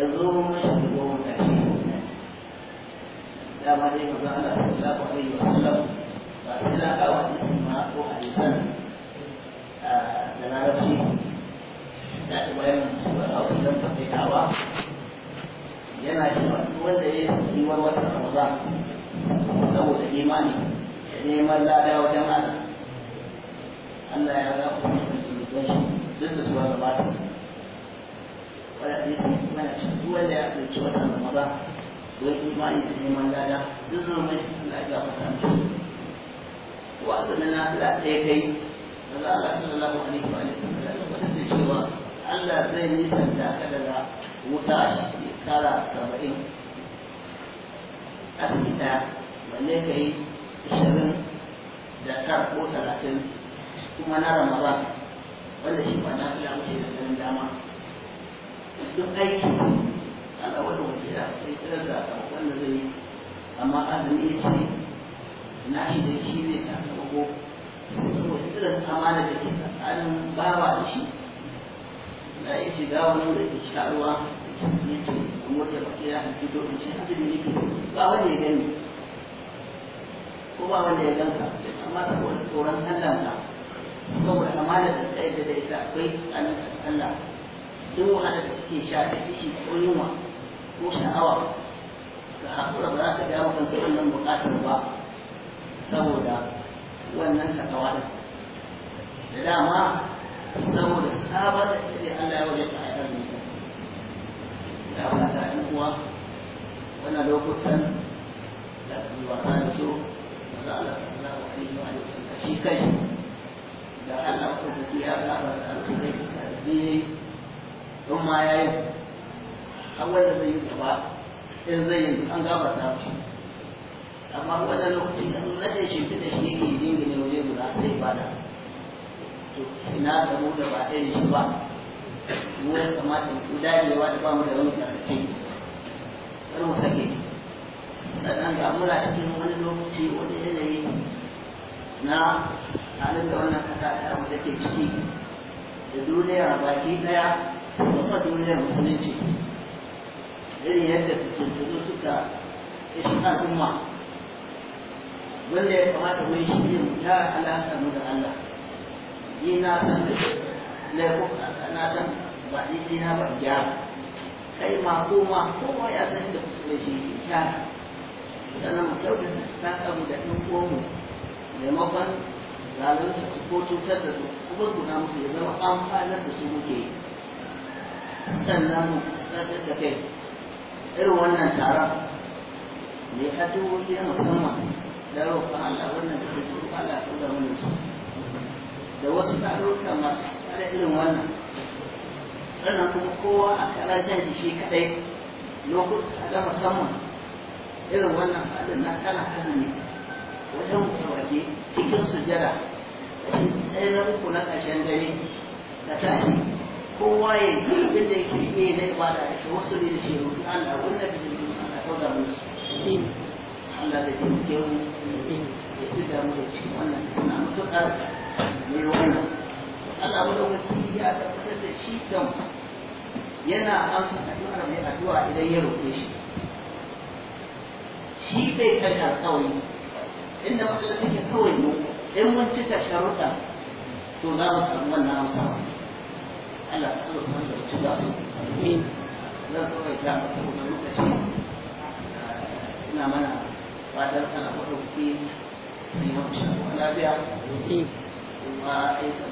ya zo mun shiga goma ƙarshe dama dai maza Allah sallallahu alaihi wa sallam ba sai da ga wani ma ko hadisan da larabci da bayan su ba a wasu lantarki dawa yana cewa wanda ya yi wa wata ramadan saboda imani ya neman lada wajen Allah Allah ya ga ku da su da shi duk da su wanda ba ta ya mana cewa wanda ya ɗauki wata ramadan don imani da neman lada duk zuwa mai Allah ya ga ta mutu wa azumin na Allah ɗaya kai da Allah sallallahu alaihi wa sallam zai cewa Allah zai nisanta ka daga wuta shi tara saba'in a fita wanne ka yi ashirin da tara ko talatin kuma na ramadan wanda shi ba na fila mace da ganin dama duk aiki ana wata wace da akwai irin sakamakon da zai amma azumi ya ce na shi da shi ne ko. saboda irin amana da ke tsakanin bawa da shi na ya shiga wani da ke sharuwa ya ce in wanda kake ya haifi ba wanda ya gani ko ba wanda ya amma saboda tsoron na saboda da tsaye da akwai da sha da kishi ko ko sha'awa ka haƙura ba za ka gaya maka wannan buƙatar ba saboda wannan da dama saboda sabon da Allah ya wajen ta'adar ya kamata a uwa wannan lokutan da su yi wasa da su wanda Allah sallallahu alaihi wa shi kai da Allah ko da ya da da don ma da zai gaba in zai an shi amma wannan lokacin da ya shi da shi yake yin gine waje guda sai bada to ina da mu da ba ɗaya shi ba mu ya kamata mu dajewa da bamu da wani karfi kar mu sake sannan ga mura cikin wani lokaci wani yanayi na halin da wannan kasa ta mu take ciki da duniya baki daya kuma duniyar musulunci irin yadda tuntunu suka ishi al'umma wanda ya kamata mu yi shi ne mu tara alaƙa mu da Allah yi na san da laifin na ba ni na ban gyara kai ma koma kowa ya san da kusurai shi ke gyara sannan mu kyautata sakamako da ɗan uwanmu maimakon zalunta su ko cutar da su kuma guna musu ya zama amfanar da su muke yi sannan mu tsaddar da kai irin wannan taron ne a duwoki na musamman da roƙon Allah wannan da ke Allah ya kula da wasu tarurruka masu ana irin wannan sannan kuma kowa a karantar da shi kadai lokuta da musamman irin wannan halin na kala kala ne wajen waje cikin sujada ɗaya na uku na ƙarshen dare da tashi kowa ya yi inda yake ne na ibada ya wasu ne da shi rufi Allah wanda da shi Allah kauda musu Allah da ke mu ya fi damu da shi wannan na mutuƙar ne wannan Allah madaukaki ya tabbatar da shi don yana amsa addu'ar mai addu'a idan ya roƙe shi shi bai karkar kawai inda matsala take kawai mu in mun cika sharuɗa to za mu samu wannan ba, Allah ta zo kuma da ci da su amin zan so ya ta masa wannan lokaci ina mana fatan Allah madaukaki ne mu shi lafiya kuma ai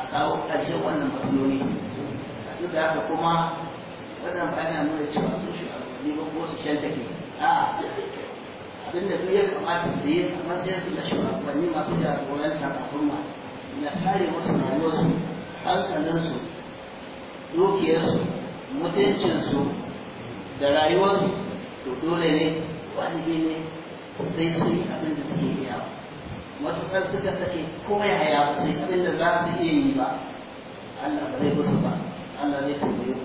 a kawo ƙarshen wannan matsaloli a duk da haka kuma wannan ba yana nuna cewa su shi ne ba ko su shanta ke a da duk ya kamata su yi a ɗaya su na shugabanni masu jagoranta al'umma na kare musu rayuwarsu hankalinsu dukiyarsu mutuncinsu da rayuwarsu to dole ne wajibi ne sai su yi abin da suke iyawa matuƙar suka sake komai a sai abin da za su iya yi ba Allah ba zai musu ba Allah zai tambaye ku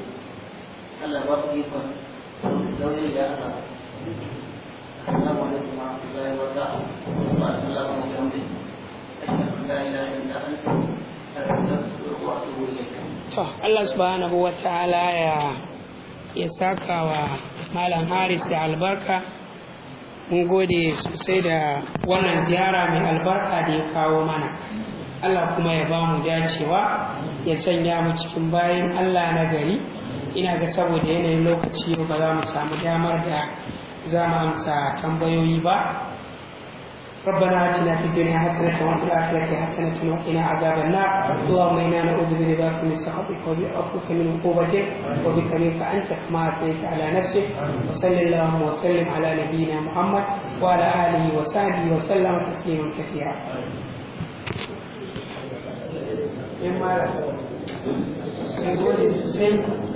Allah ba ku ikon sau da zaune da Allah السلام عليكم ورحمة الله وبركاته سبحانك اللهم وبحمدك أشهد أن لا إله إلا أنت أستغفرك وأتوب إليك to Allah subhanahu wa ta'ala ya ya saka wa malam Haris da albarka mun gode sosai da wannan ziyara mai albarka da ya kawo mana Allah kuma ya ba mu dacewa ya sanya mu cikin bayan Allah na gari ina ga saboda yanayin lokaci ba za mu samu damar da za mu amsa tambayoyi ba ربنا اتنا في الدنيا حسنه وفي الاخره حسنه وقنا عذاب النار اللهم انا نعوذ برضاك من سخطك وبعفوك من عقوبتك وبك منك انت كما اثنيت على نفسك وصل اللهم وسلم على نبينا محمد وعلى اله وصحبه وسلم تسليما كثيرا Thank you.